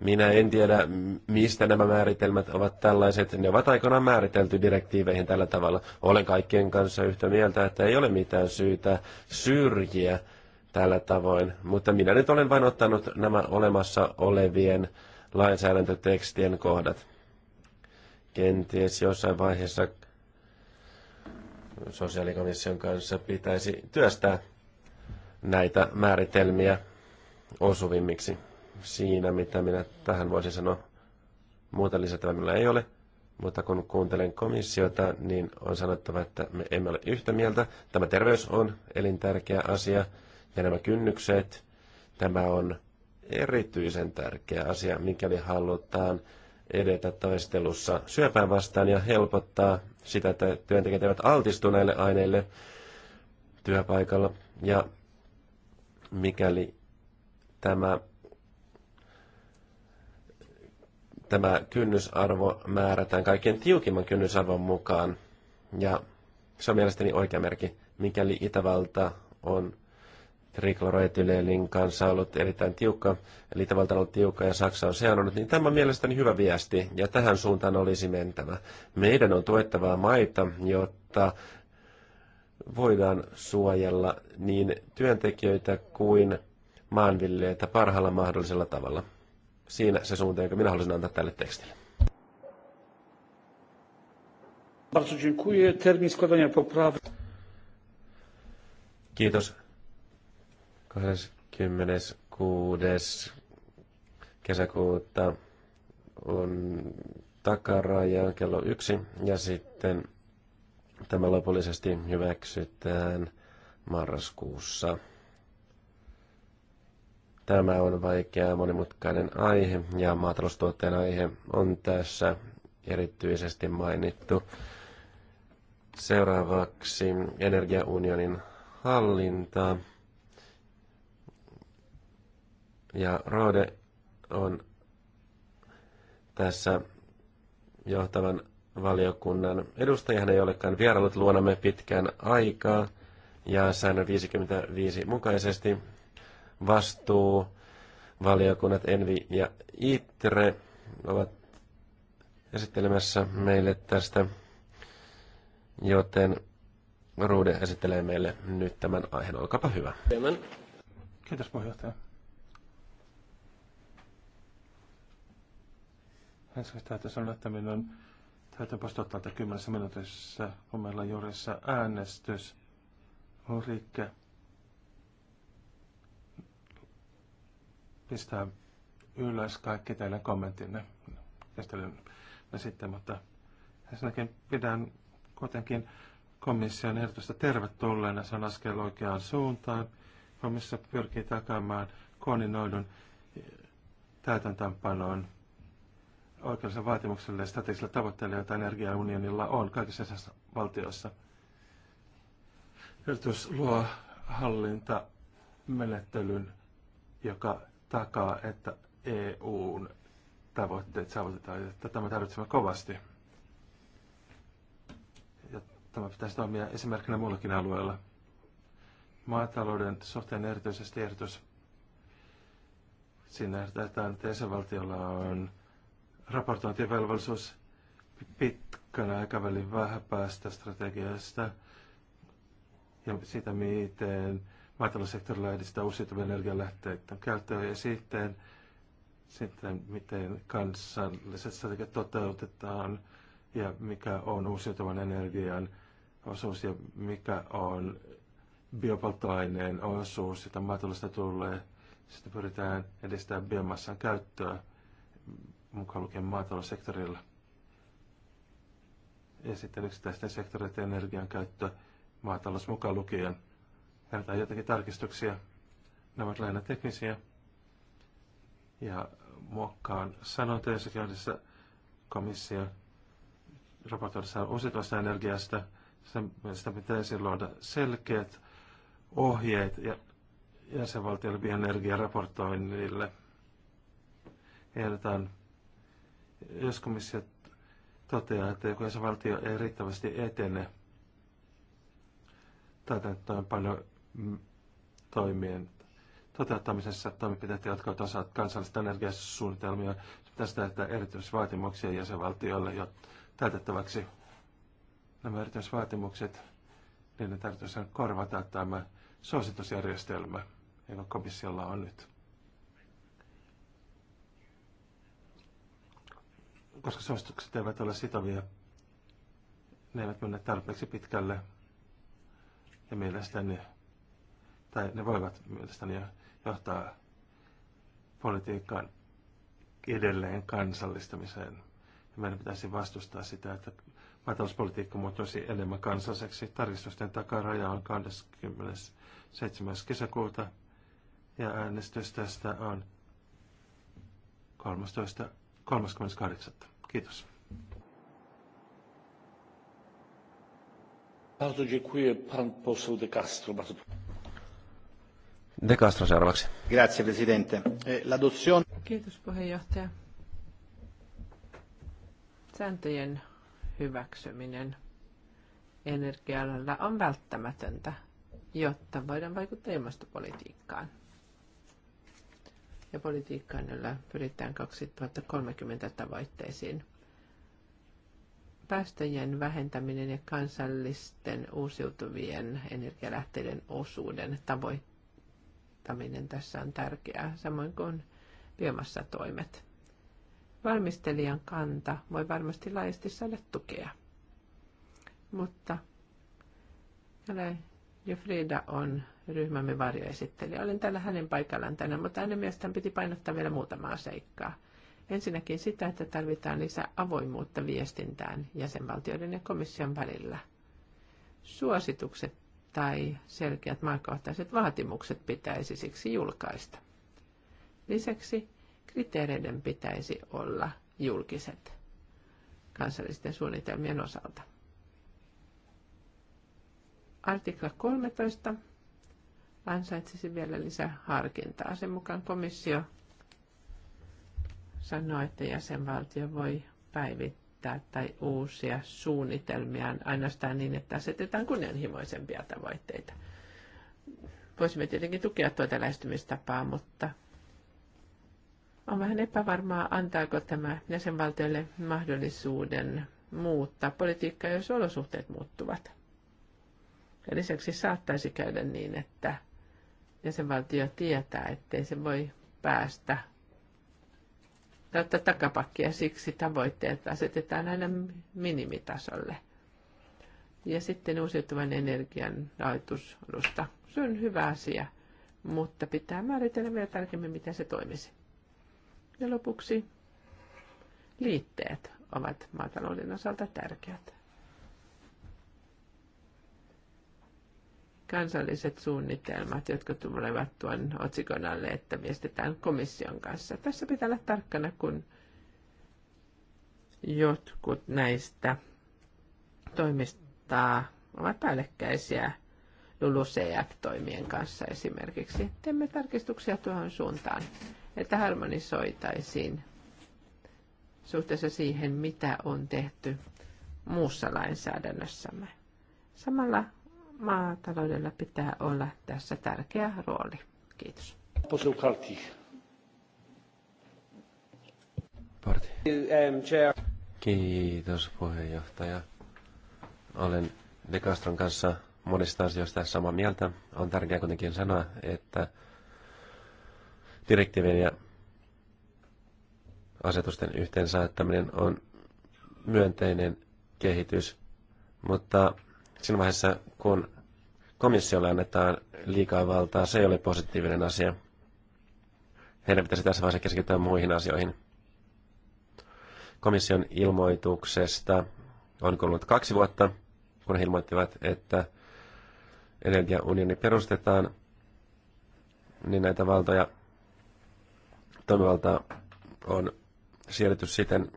minä en tiedä, mistä nämä määritelmät ovat tällaiset. Ne ovat aikanaan määritelty direktiiveihin tällä tavalla. Olen kaikkien kanssa yhtä mieltä, että ei ole mitään syytä syrjiä tällä tavoin. Mutta minä nyt olen vain ottanut nämä olemassa olevien lainsäädäntötekstien kohdat. Kenties jossain vaiheessa sosiaalikomission kanssa pitäisi työstää näitä määritelmiä osuvimmiksi siinä, mitä minä tähän voisin sanoa. Muuta lisättävää minulla ei ole, mutta kun kuuntelen komissiota, niin on sanottava, että me emme ole yhtä mieltä. Tämä terveys on elintärkeä asia ja nämä kynnykset, tämä on erityisen tärkeä asia, mikäli halutaan edetä taistelussa syöpään vastaan ja helpottaa sitä, että työntekijät eivät altistu näille aineille työpaikalla. Ja mikäli tämä Tämä kynnysarvo määrätään kaiken tiukimman kynnysarvon mukaan, ja se on mielestäni oikea merkki, mikäli Itävalta on trikloroetyleelin kanssa ollut erittäin tiukka, eli Itävalta on ollut tiukka ja Saksa on seannut, niin tämä on mielestäni hyvä viesti, ja tähän suuntaan olisi mentävä. Meidän on tuettavaa maita, jotta voidaan suojella niin työntekijöitä kuin maanviljelijöitä parhaalla mahdollisella tavalla siinä se suunta, jonka minä haluaisin antaa tälle tekstille. Bardzo dziękuję. Termin składania poprawek. Kiitos. 26. kesäkuuta on takaraja kello yksi ja sitten tämä lopullisesti hyväksytään marraskuussa. Tämä on vaikea monimutkainen aihe ja maataloustuotteen aihe on tässä erityisesti mainittu. Seuraavaksi energiaunionin hallinta. Ja Rode on tässä johtavan valiokunnan edustaja. Hän ei olekaan vierailut luonamme pitkään aikaa. Ja säännön 55 mukaisesti vastuu, valiokunnat Envi ja Itre ovat esittelemässä meille tästä, joten Ruude esittelee meille nyt tämän aiheen. Olkaapa hyvä. Kiitos puheenjohtaja. Ensinnäkin täytyy sanoa, että minun täytyy poistua että kymmenessä minuutissa, on meillä juurissa äänestys. Ulrike pistää ylös kaikki teidän kommenttinne. Kestelen ne sitten, mutta ensinnäkin pidän kuitenkin komission ehdotusta tervetulleena. Se on askel oikeaan suuntaan. Komissio pyrkii takaamaan koordinoidun eh, täytäntöönpanoon oikeudellisen vaatimukselle ja strategisilla tavoitteilla, joita energiaunionilla on kaikissa valtioissa. Ehdotus luo hallintamenettelyn, joka takaa, että EUn tavoitteet saavutetaan. tätä me tarvitsemme kovasti. Ja tämä pitäisi toimia esimerkkinä muillakin alueilla. Maatalouden suhteen erityisesti ehdotus. Siinä ehdotetaan, että jäsenvaltiolla on raportointivelvollisuus pitkän aikavälin strategiasta ja siitä, miten maataloussektorilla edistää uusiutuvia energialähteitä käyttöä ja sitten, sitten miten kansalliset strategiat toteutetaan ja mikä on uusiutuvan energian osuus ja mikä on biopolttoaineen osuus, jota maatalousta tulee. Sitten pyritään edistämään biomassan käyttöä mukaan lukien maataloussektorilla. Ja sitten yksittäisten sektoreiden energian käyttö maatalous mukaan lukien – on jotakin tarkistuksia. nämä ovat lähinnä teknisiä. Ja muokkaan sanonta, jossa käynnissä komissio raportoidessaan uusiutuvasta energiasta. Sitä pitäisi luoda selkeät ohjeet ja jäsenvaltioille bioenergiaraportoinnille. Ehdotan, jos komissio toteaa, että joku jäsenvaltio ei riittävästi etene paljon Mm, toimien toteuttamisessa toimenpiteet, jotka osaat kansallista energiasuunnitelmia, pitäisi tehdä erityisvaatimuksia jäsenvaltioille jo täytettäväksi. Nämä erityisvaatimukset, niin ne on korvata tämä suositusjärjestelmä, joka komissiolla on nyt. Koska suositukset eivät ole sitovia, ne eivät mene tarpeeksi pitkälle. Ja mielestäni tai ne voivat mielestäni johtaa politiikkaan edelleen kansallistamiseen. Meidän pitäisi vastustaa sitä, että maatalouspolitiikka muuttuisi enemmän kansalliseksi. Tarkistusten takaraja on 27. kesäkuuta ja äänestys tästä on 13. 38. Kiitos. Bardzo dziękuję pan poseł De Castro. De Castro seuraavaksi. Grazie, Presidente. Eh, l'adozione... Kiitos, puheenjohtaja. Sääntöjen hyväksyminen energialalla on välttämätöntä, jotta voidaan vaikuttaa ilmastopolitiikkaan. Ja politiikkaan, jolla pyritään 2030 tavoitteisiin. Päästöjen vähentäminen ja kansallisten uusiutuvien energialähteiden osuuden tavoitteet asettaminen tässä on tärkeää, samoin kuin biomassatoimet. Valmistelijan kanta voi varmasti laajasti saada tukea, mutta ja Frida on ryhmämme varjoesittelijä. Olen täällä hänen paikallaan tänään, mutta hänen mielestään piti painottaa vielä muutamaa seikkaa. Ensinnäkin sitä, että tarvitaan lisää avoimuutta viestintään jäsenvaltioiden ja komission välillä. Suositukset tai selkeät maakohtaiset vaatimukset pitäisi siksi julkaista. Lisäksi kriteereiden pitäisi olla julkiset kansallisten suunnitelmien osalta. Artikla 13 ansaitsisi vielä lisää harkintaa. Sen mukaan komissio sanoo, että jäsenvaltio voi päivittää kehittää tai uusia suunnitelmiaan ainoastaan niin, että asetetaan kunnianhimoisempia tavoitteita. Voisimme tietenkin tukea tuota lähestymistapaa, mutta on vähän epävarmaa, antaako tämä jäsenvaltioille mahdollisuuden muuttaa politiikkaa, jos olosuhteet muuttuvat. Ja lisäksi saattaisi käydä niin, että jäsenvaltio tietää, ettei se voi päästä Tätä takapakkia, siksi tavoitteet asetetaan aina minimitasolle. Ja sitten uusiutuvan energian rahoitusalusta. Se on hyvä asia, mutta pitää määritellä vielä tarkemmin, miten se toimisi. Ja lopuksi liitteet ovat maatalouden osalta tärkeät. kansalliset suunnitelmat, jotka tulevat tuon otsikon alle, että viestitään komission kanssa. Tässä pitää olla tarkkana, kun jotkut näistä toimista ovat päällekkäisiä LULUCF-toimien kanssa esimerkiksi. Teemme tarkistuksia tuohon suuntaan, että harmonisoitaisiin suhteessa siihen, mitä on tehty muussa lainsäädännössämme. Samalla maataloudella pitää olla tässä tärkeä rooli. Kiitos. Um, Kiitos puheenjohtaja. Olen de Castron kanssa monista asioista samaa mieltä. On tärkeää kuitenkin sanoa, että direktiivien ja asetusten yhteensaattaminen on myönteinen kehitys, mutta siinä vaiheessa, kun komissiolle annetaan liikaa valtaa, se ei ole positiivinen asia. Heidän pitäisi tässä vaiheessa keskittyä muihin asioihin. Komission ilmoituksesta on kulunut kaksi vuotta, kun he ilmoittivat, että energiaunioni perustetaan, niin näitä valtoja toimivaltaa on siirretty siten,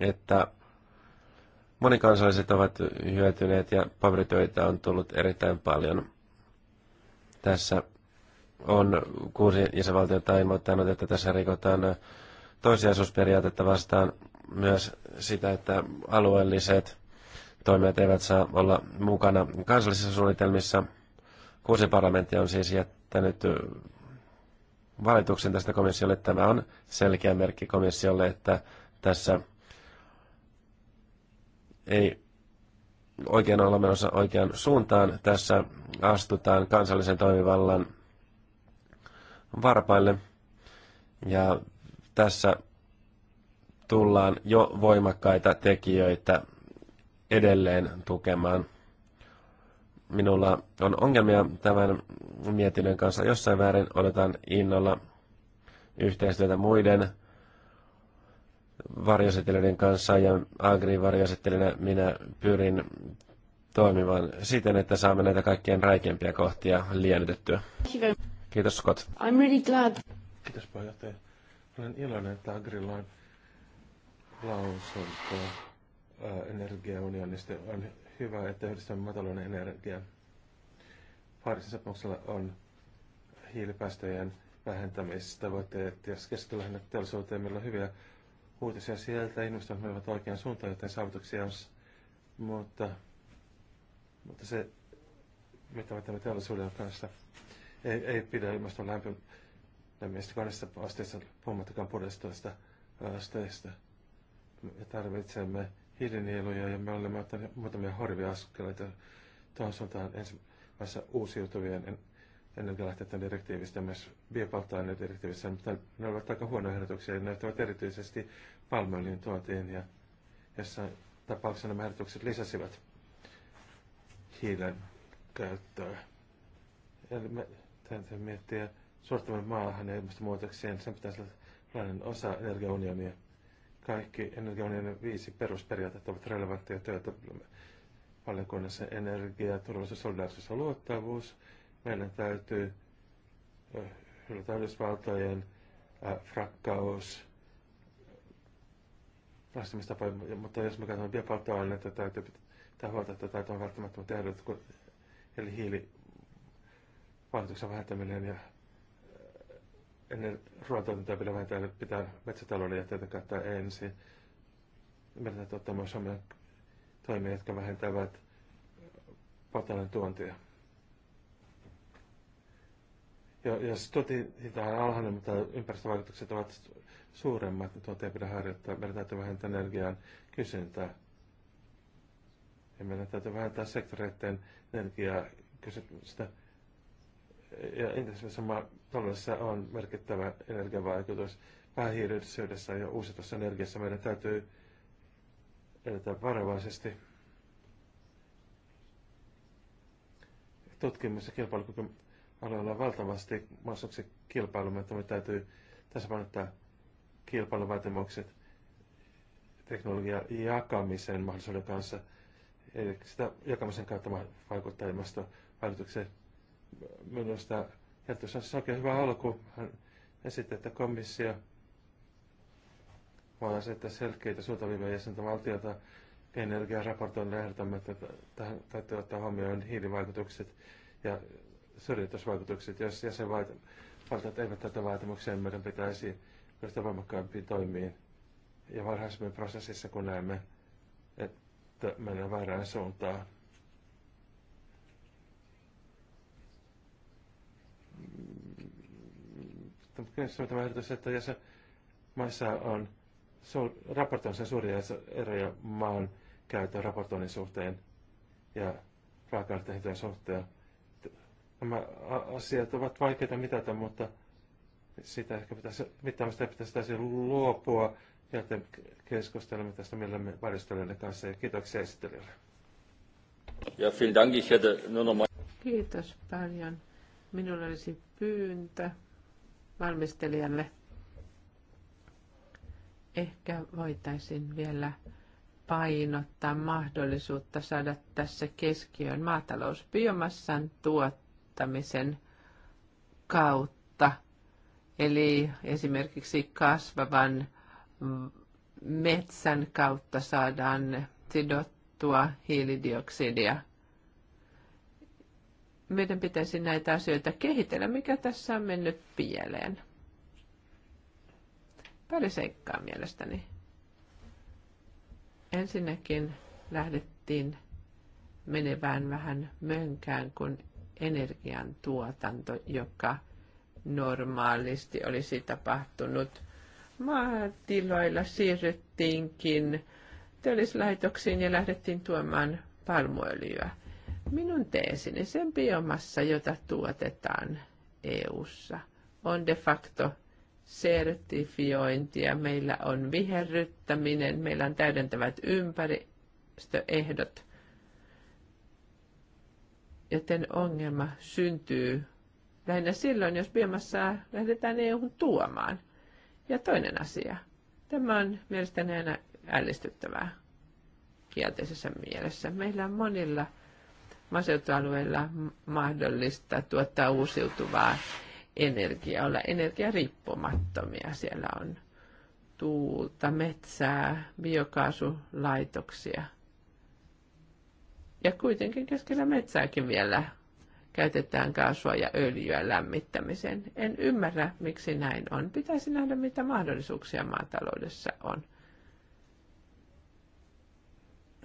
että Monikansalliset ovat hyötyneet ja paperitöitä on tullut erittäin paljon. Tässä on kuusi jäsenvaltiota ilmoittanut, että tässä rikotaan toisiaisuusperiaatetta vastaan myös sitä, että alueelliset toimijat eivät saa olla mukana kansallisissa suunnitelmissa. Kuusi parlamentti on siis jättänyt valituksen tästä komissiolle. Tämä on selkeä merkki komissiolle, että tässä ei oikein olla menossa oikeaan suuntaan. Tässä astutaan kansallisen toimivallan varpaille. Ja tässä tullaan jo voimakkaita tekijöitä edelleen tukemaan. Minulla on ongelmia tämän mietinnön kanssa. Jossain väärin odotan innolla yhteistyötä muiden varjosetelijöiden kanssa ja agri-varjosettelijänä minä pyrin toimimaan siten, että saamme näitä kaikkien räikeimpiä kohtia liennytettyä. Kiitos Scott. I'm really glad. Kiitos puheenjohtaja. Olen iloinen, että Agrilla on lausunto energiaunionista. On hyvä, että yhdistämme matalan energian. Pariisin sopimuksella on hiilipäästöjen vähentämistavoitteet ja keskitytään teollisuuteen, millä on hyviä uutisia sieltä, investoinnit menevät oikeaan suuntaan, joten saavutuksia on, mutta, mutta se, mitä me teemme teollisuuden kanssa, ei, ei pidä ilmaston lämpimästä kahdesta asteesta, puhumattakaan puolestoista asteesta. Me tarvitsemme hiilinieluja ja me olemme ottaneet muutamia horvia askeleita tuohon suuntaan ensimmäisessä uusiutuvien tämän direktiivistä ja myös direktiivissä, mutta ne ovat aika huonoja ehdotuksia ja näyttävät erityisesti palmuöljyn tuotiin ja jossain tapauksessa nämä ehdotukset lisäsivät hiilen käyttöä. Eli me täytyy miettiä suottavan maahan ja ilmastonmuutokseen, sen pitäisi olla osa energiaunionia. Kaikki energiaunionin viisi perusperiaatetta ovat relevantteja työtä valiokunnassa energia, turvallisuus, solidaarisuus ja luottavuus. Meidän täytyy eh, hylätä Yhdysvaltojen eh, frakkaus lähestymistapoja, mutta jos me katsomme että täytyy pitää huolta, että täytyy on välttämättömät ehdot, eli hiilivaikutuksen vähentäminen ja eh, ennen ruoantuotantoa pitää vähentää, pitää metsätalouden jätteitä käyttää ensin. Meidän täytyy ottaa myös omia toimia, jotka vähentävät polttoaineen tuontia. Ja, jos tuotehinta on alhainen, mutta ympäristövaikutukset ovat suuremmat, niin tuota ei pidä harjoittaa. Meidän täytyy vähentää energian kysyntää. Ja meidän täytyy vähentää sektoreiden energiaa kysyntää. Ja intensiivisessä on merkittävä energiavaikutus. Päähiiryydessä ja uusiutuvassa energiassa meidän täytyy edetä varovaisesti. Tutkimus- ja kilpailukyky alalla valtavasti mahdollisuuksia kilpailumme, että me täytyy tasapainottaa kilpailuvaatimukset teknologian jakamisen mahdollisuuden kanssa. Eli sitä jakamisen kautta vaikuttaa ilmastovaikutukseen. Minusta Jättössä on siis oikein hyvä alku. Hän esitti, että komissio voi asettaa selkeitä suuntaviivoja jäsentävaltiota energiaraportoinnille ehdotamme, että tähän täytyy ottaa huomioon hiilivaikutukset ja syrjintäisvaikutukset, jos jäsenvaltiot eivät tätä vaatimuksia, niin meidän pitäisi ryhtyä voimakkaampiin toimiin ja varhaisemmin prosessissa, kun näemme, että mennään väärään suuntaan. Tämä ehdotus, että jäsenmaissa on raportoinnissa suuria eroja maan käytön raportoinnin suhteen ja raaka-aineiden suhteen Nämä asiat ovat vaikeita mitata, mutta sitä ehkä pitäisi, mittaamista pitäisi täysin luopua, joten keskustelemme tästä mielemme varjostelijoiden kanssa ja kiitoksia esittelijöille. Ja Dank, ich hätte nur noch mal... Kiitos paljon. Minulla olisi pyyntö valmistelijalle. Ehkä voitaisiin vielä painottaa mahdollisuutta saada tässä keskiöön maatalousbiomassan biomassan tuotto kasvattamisen kautta, eli esimerkiksi kasvavan metsän kautta saadaan sidottua hiilidioksidia. Meidän pitäisi näitä asioita kehitellä, mikä tässä on mennyt pieleen. Pari seikkaa mielestäni. Ensinnäkin lähdettiin menevään vähän mönkään, kun energiantuotanto, joka normaalisti olisi tapahtunut maatiloilla, siirryttiinkin teollislaitoksiin ja lähdettiin tuomaan palmuöljyä. Minun teesini, sen biomassa, jota tuotetaan EU:ssa, on de facto sertifiointia, meillä on viherryttäminen, meillä on täydentävät ympäristöehdot joten ongelma syntyy lähinnä silloin, jos biomassaa lähdetään eu tuomaan. Ja toinen asia. Tämä on mielestäni aina ällistyttävää kielteisessä mielessä. Meillä on monilla maaseutualueilla mahdollista tuottaa uusiutuvaa energiaa, olla energiariippumattomia. Siellä on tuulta, metsää, biokaasulaitoksia – ja kuitenkin keskellä metsääkin vielä käytetään kaasua ja öljyä lämmittämiseen. En ymmärrä, miksi näin on. Pitäisi nähdä, mitä mahdollisuuksia maataloudessa on.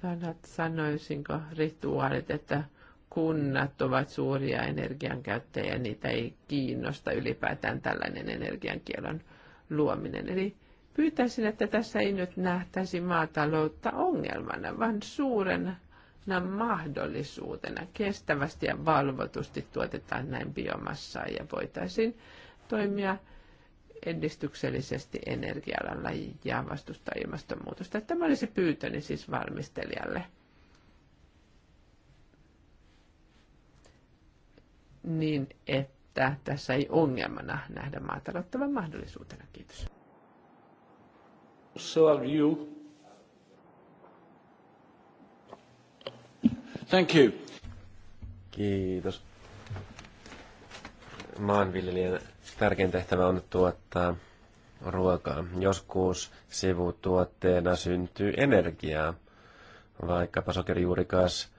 Täällä sanoisinko rituaalit, että kunnat ovat suuria energiankäyttäjiä, niitä ei kiinnosta ylipäätään tällainen energiankielon luominen. Eli pyytäisin, että tässä ei nyt nähtäisi maataloutta ongelmana, vaan suuren Nämä mahdollisuutena. Kestävästi ja valvotusti tuotetaan näin biomassaa ja voitaisiin toimia edistyksellisesti energialalla ja vastustaa ilmastonmuutosta. Tämä olisi se pyytöni siis valmistelijalle. Niin, että tässä ei ongelmana nähdä maataloutta, vaan mahdollisuutena. Kiitos. So are you. Thank you. Kiitos. Maanviljelijän tärkein tehtävä on tuottaa ruokaa. Joskus sivutuotteena syntyy energiaa, vaikkapa sokerijuurikas,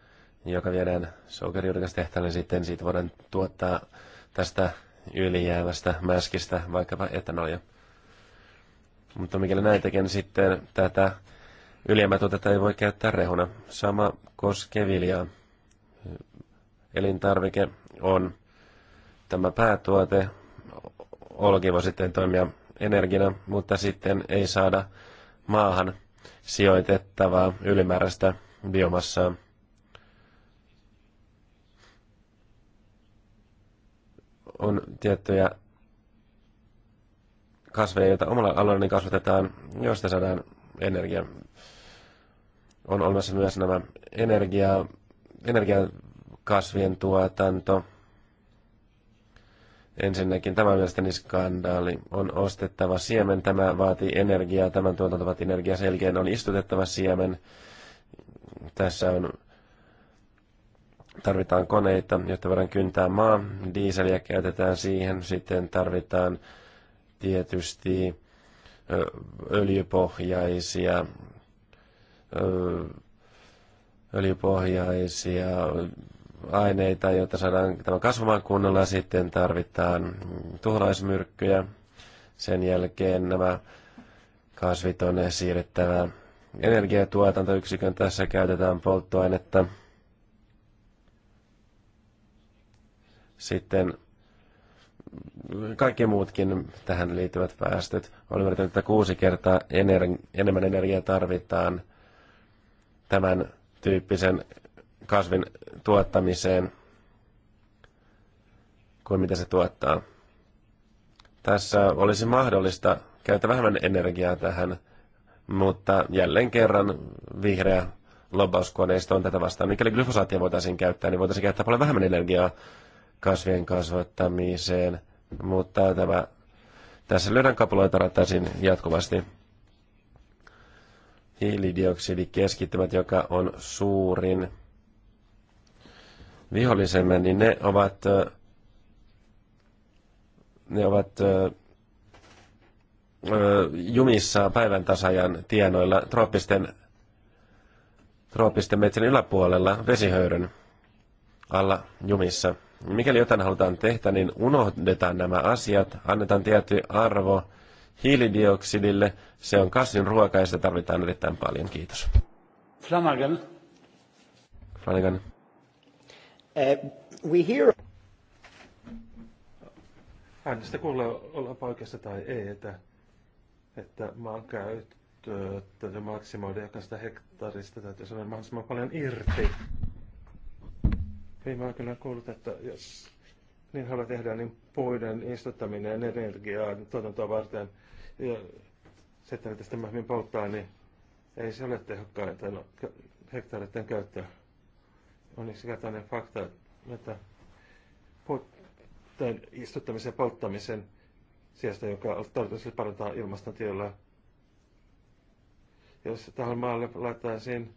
joka viedään sokerijuurikas tehtaalle, niin sitten siitä voidaan tuottaa tästä ylijäävästä mäskistä vaikkapa etanolia. Mutta mikäli näin tekee, niin sitten tätä Ylijäämätuotetta ei voi käyttää rehuna. Sama koskee viljaa. Elintarvike on tämä päätuote. Olki voi sitten toimia energina, mutta sitten ei saada maahan sijoitettavaa ylimääräistä biomassaa. On tiettyjä kasveja, joita omalla alueellani niin kasvatetaan, joista saadaan energia. On olemassa myös nämä energia, energiakasvien tuotanto. Ensinnäkin tämä mielestäni skandaali. On ostettava siemen, tämä vaatii energiaa, tämän tuotanto vaatii energiaa. Selkeän on istutettava siemen. Tässä on tarvitaan koneita, jotta voidaan kyntää maa, diiseliä käytetään siihen, sitten tarvitaan tietysti öljypohjaisia, öljypohjaisia aineita, joita saadaan tämä kasvamaan kunnolla ja sitten tarvitaan tuholaismyrkkyjä. Sen jälkeen nämä kasvit on siirrettävä energiatuotantoyksikön. Tässä käytetään polttoainetta. Sitten kaikki muutkin tähän liittyvät päästöt. Olen ymmärtänyt, että kuusi kertaa ener- enemmän energiaa tarvitaan tämän tyyppisen kasvin tuottamiseen kuin mitä se tuottaa. Tässä olisi mahdollista käyttää vähemmän energiaa tähän, mutta jälleen kerran vihreä lobbauskoneisto on tätä vastaan. Mikäli glyfosaatia voitaisiin käyttää, niin voitaisiin käyttää paljon vähemmän energiaa kasvien kasvattamiseen, mutta tämä, tässä löydän kapuloita rattaisin jatkuvasti. Hiilidioksidikeskittymät, joka on suurin vihollisemme, niin ne ovat, ne ovat jumissa päivän tasajan tienoilla trooppisten, trooppisten metsän yläpuolella vesihöyryn alla jumissa. Niin mikäli jotain halutaan tehdä, niin unohdetaan nämä asiat, annetaan tietty arvo hiilidioksidille. Se on kasvin ruoka ja sitä tarvitaan erittäin paljon. Kiitos. Flanagan. Flanagan. Uh, we hear... Äänestä kuulee, olla paikassa tai ei, että, että maan käyttö täytyy maksimoida jokaisesta hektaarista, täytyy saada mahdollisimman paljon irti. Hei, mä kyllä kuullut, että jos niin haluaa tehdä, niin puiden istuttaminen energiaa tuotantoa varten ja se, että tästä myöhemmin polttaa, niin ei se ole tehokkainta no, hektaareiden käyttöä. On yksinkertainen fakta, että puiden istuttamisen ja polttamisen sijasta, joka tarkoituksella parantaa ilmaston tilaa, jos tähän maalle laittaisiin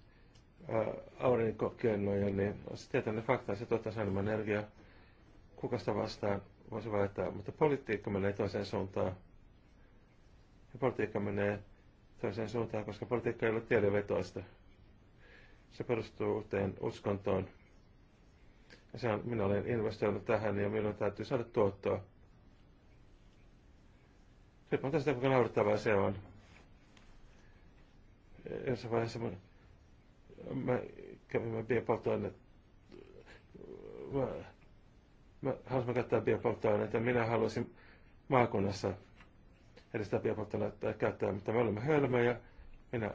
aurinkokennoja, niin olisi tietänyt faktaa, se tuottaa enemmän energiaa. sitä vastaan voisi väittää, mutta politiikka menee toiseen suuntaan. Ja politiikka menee toiseen suuntaan, koska politiikka ei ole tiedevetoista. Se perustuu uuteen uskontoon. Ja se on, minä olen investoinut tähän ja minun täytyy saada tuottoa. Riippuen tästä, kuinka naurettavaa se on. Jossain vaiheessa mun Mä kävimme biopolttoaine... Mä, mä halusin käyttää biopolttoaineita. Minä haluaisin maakunnassa edistää biopolttoaineita käyttää, mutta me olemme hölmöjä. Minä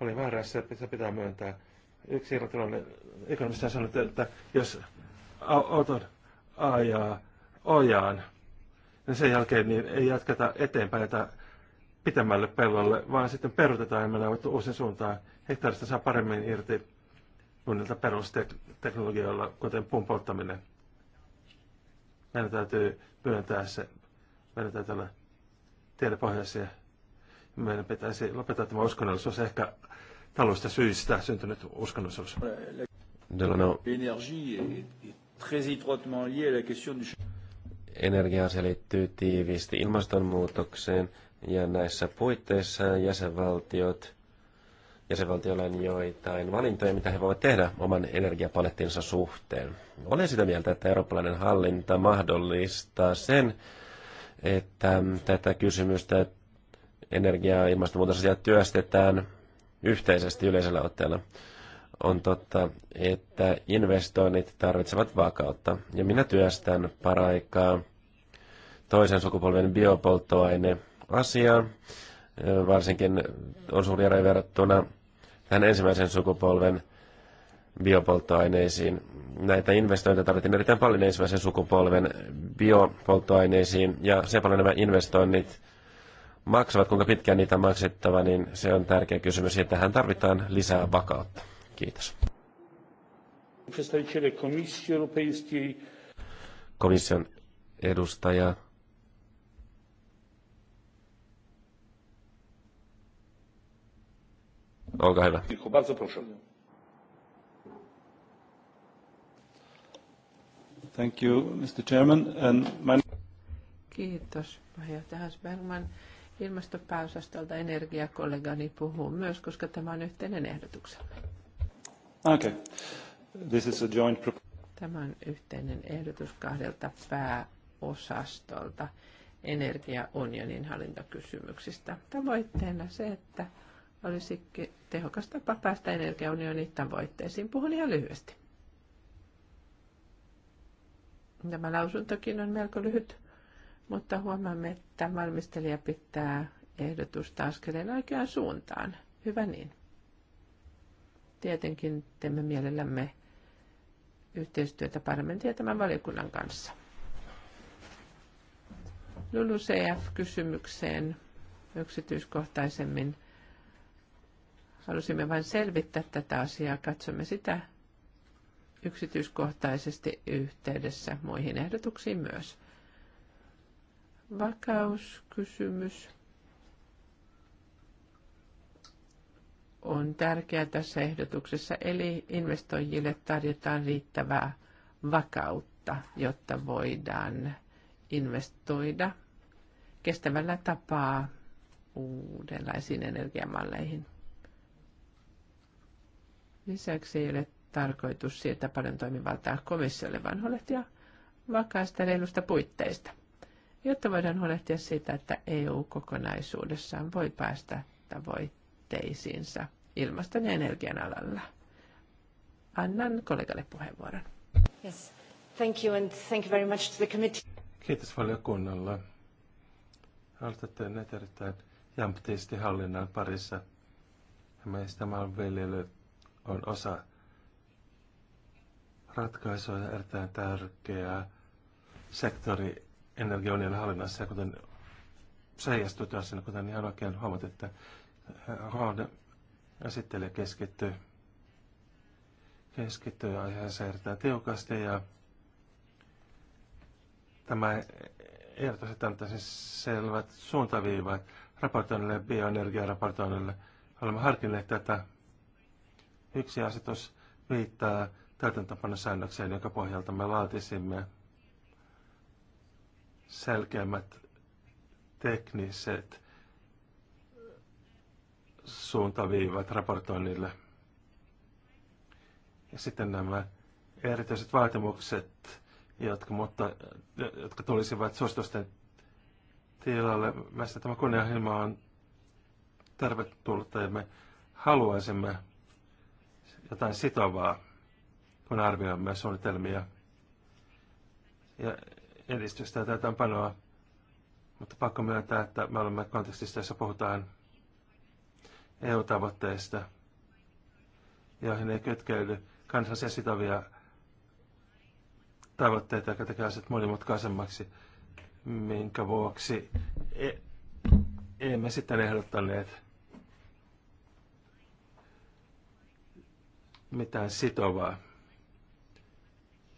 olin väärässä, se pitää myöntää. Yksi irlantilainen ekonomista sanoi, että jos auton ajaa ojaan, niin sen jälkeen niin ei jatketa eteenpäin, että pitemmälle pellolle, vaan sitten perutetaan ja mennään uusin suuntaan. Hehtaarista saa paremmin irti kunnilta perusteknologioilla, kuten pumpauttaminen. Meidän täytyy myöntää se. Meidän täytyy olla tiedepohjaisia. Meidän pitäisi lopettaa tämä uskonnollisuus ehkä talousta syistä syntynyt uskonnollisuus. Delano. Energia se liittyy tiiviisti ilmastonmuutokseen – ja näissä puitteissa jäsenvaltiot, jäsenvaltioilla on joitain valintoja, mitä he voivat tehdä oman energiapalettinsa suhteen. Olen sitä mieltä, että eurooppalainen hallinta mahdollistaa sen, että tätä kysymystä energia- ja ilmastonmuutosasiaa työstetään yhteisesti yleisellä otteella. On totta, että investoinnit tarvitsevat vakautta, ja minä työstän paraikaa toisen sukupolven biopolttoaine asiaan. Varsinkin on suuri ero verrattuna tähän ensimmäisen sukupolven biopolttoaineisiin. Näitä investointeja tarvittiin erittäin paljon ensimmäisen sukupolven biopolttoaineisiin, ja se paljon nämä investoinnit maksavat, kuinka pitkään niitä on maksettava, niin se on tärkeä kysymys, ja tähän tarvitaan lisää vakautta. Kiitos. Komission edustaja Olkaa hyvä. Thank you, Mr. Chairman. And my... Kiitos, puheenjohtaja Hans Bergman. Ilmastopääosastolta energiakollegani puhuu myös, koska tämä on yhteinen ehdotuksemme. Okay. This is a joint... Tämä on yhteinen ehdotus kahdelta pääosastolta energiaunionin hallintokysymyksistä. Tavoitteena se, että olisi tehokas tapa päästä energiaunionin tavoitteisiin. Puhun ihan lyhyesti. Tämä lausuntokin on melko lyhyt, mutta huomaamme, että valmistelija pitää ehdotusta askeleen oikeaan suuntaan. Hyvä niin. Tietenkin teemme mielellämme yhteistyötä parlamentin ja tämän valiokunnan kanssa. LULUCF-kysymykseen yksityiskohtaisemmin Halusimme vain selvittää tätä asiaa. Katsomme sitä yksityiskohtaisesti yhteydessä muihin ehdotuksiin myös. Vakauskysymys on tärkeä tässä ehdotuksessa, eli investoijille tarjotaan riittävää vakautta, jotta voidaan investoida kestävällä tapaa uudenlaisiin energiamalleihin. Lisäksi ei ole tarkoitus siirtää paljon toimivaltaa komissiolle, vaan huolehtia vakaasta reilusta puitteista, jotta voidaan huolehtia siitä, että EU kokonaisuudessaan voi päästä tavoitteisiinsa ilmaston ja energian alalla. Annan kollegalle puheenvuoron. Yes. Thank you and thank you very much to the committee. Kiitos valiokunnalle. Haluatte näitä erittäin jämptiisti hallinnan parissa. Meistä maanviljelijöitä on osa ratkaisua ja erittäin tärkeä sektori energiaunion hallinnassa. Ja kuten se heijastuu tässä, kuten ihan oikein huomat, että Ron esittelee keskittyy, keskittyy aiheeseen erittäin tiukasti ja tämä ehdotus, että antaisin selvät suuntaviivat raportoinnille, bioenergiaraportoinnille. Olemme harkinneet tätä Yksi asetus viittaa täytäntöpanosäännökseen, jonka pohjalta me laatisimme selkeämmät tekniset suuntaviivat raportoinnille. Ja sitten nämä erityiset vaatimukset, jotka, mutta, jotka tulisivat suositusten tilalle. Mielestäni tämä kunnianhimo on tervetullut ja me haluaisimme jotain sitovaa, kun arvioimme suunnitelmia ja edistystä ja täytäntöönpanoa. Mutta pakko myöntää, että me olemme kontekstissa, jossa puhutaan EU-tavoitteista, joihin ei kytkeydy kansallisia sitovia tavoitteita, jotka tekevät asiat monimutkaisemmaksi, minkä vuoksi e- emme sitten ehdottaneet mitään sitovaa.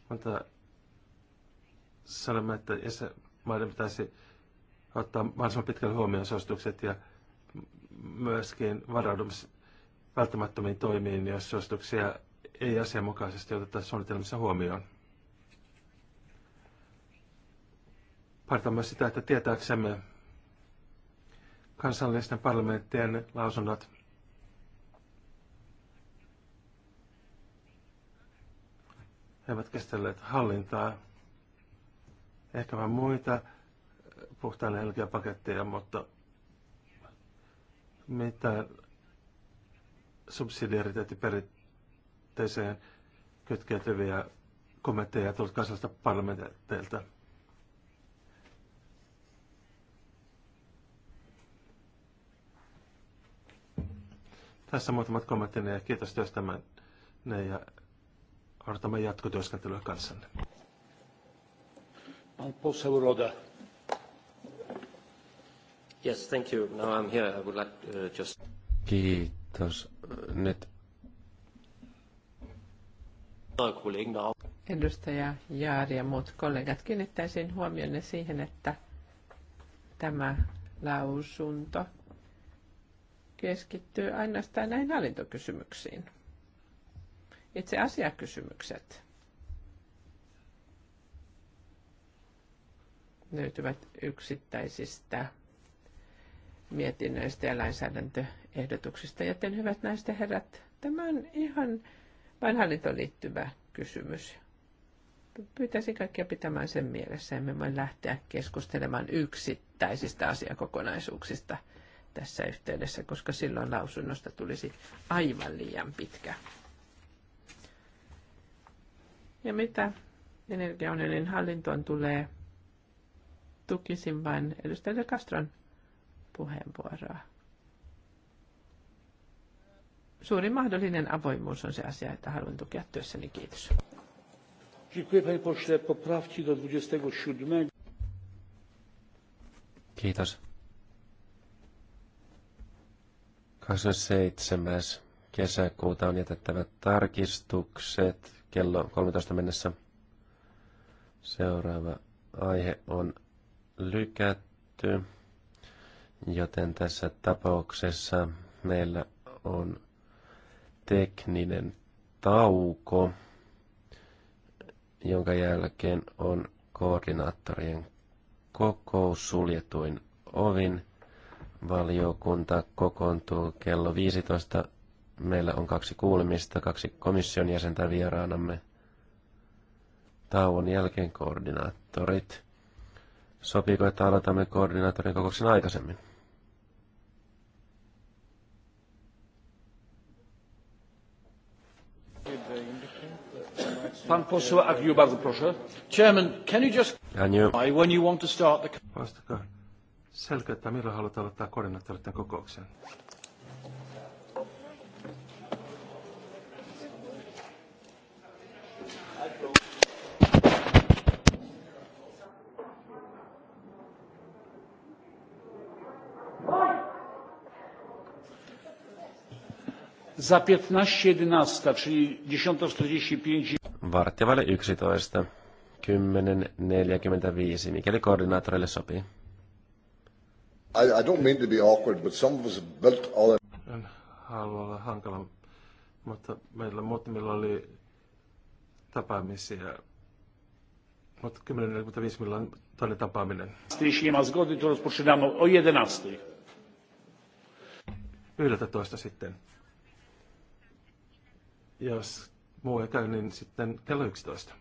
Mutta sanomme, että jäsenmaiden pitäisi ottaa mahdollisimman pitkälle huomioon suositukset ja myöskin varaudumis välttämättömiin toimiin, jos suosituksia ei asianmukaisesti oteta suunnitelmissa huomioon. Parta myös sitä, että tietääksemme kansallisten parlamenttien lausunnot He ovat käsitelleet hallintaa, ehkä vähän muita puhtaan energiapaketteja, mutta mitä subsidiariteettiperinteeseen kytkeytyviä kommentteja tullut kansallista parlamenteilta. Tässä muutamat kommenttini ja kiitos työstämään ne ja odotamme jatkotyöskentelyä kanssanne. Pan poseł Roda. Yes, thank you. Now I'm here. I would like uh, just... Kiitos. Nyt Edustaja Jaari ja muut kollegat, kiinnittäisin huomionne siihen, että tämä lausunto keskittyy ainoastaan näihin hallintokysymyksiin itse asiakysymykset löytyvät yksittäisistä mietinnöistä ja lainsäädäntöehdotuksista. Joten hyvät naiset ja herrat, tämä on ihan vain hallintoon liittyvä kysymys. Pyytäisin kaikkia pitämään sen mielessä. Emme voi lähteä keskustelemaan yksittäisistä asiakokonaisuuksista tässä yhteydessä, koska silloin lausunnosta tulisi aivan liian pitkä. Ja mitä energiaunionin hallintoon tulee, tukisin vain edustaja Castron puheenvuoroa. Suurin mahdollinen avoimuus on se asia, että haluan tukea työssäni. Kiitos. Kiitos. 27. kesäkuuta on jätettävät tarkistukset kello 13 mennessä. Seuraava aihe on lykätty, joten tässä tapauksessa meillä on tekninen tauko, jonka jälkeen on koordinaattorien kokous suljetuin ovin. Valiokunta kokoontuu kello 15 Meillä on kaksi kuulemista, kaksi komission jäsentä vieraanamme. Tauon jälkeen koordinaattorit. Sopiiko, että aloitamme koordinaattorin kokouksen aikaisemmin? Chairman, can you just... When you want to start the... Vastakaa. Selkeyttää, milloin haluat aloittaa koordinaattoreiden kokouksen. Za 15.11, czyli 10.45. Vartti 11. 10.45, mikäli koordinaattorille sopii. I, I don't mean to be awkward, but some of us built all... of... En halua olla hankala, mutta meillä muutamilla oli tapaamisia. Mutta 10.45 meillä on toinen tapaaminen. Jos ei ole zgody, to rozpoczynamme o 11. 11 sitten. Jos muu ei käy, niin sitten kello 11.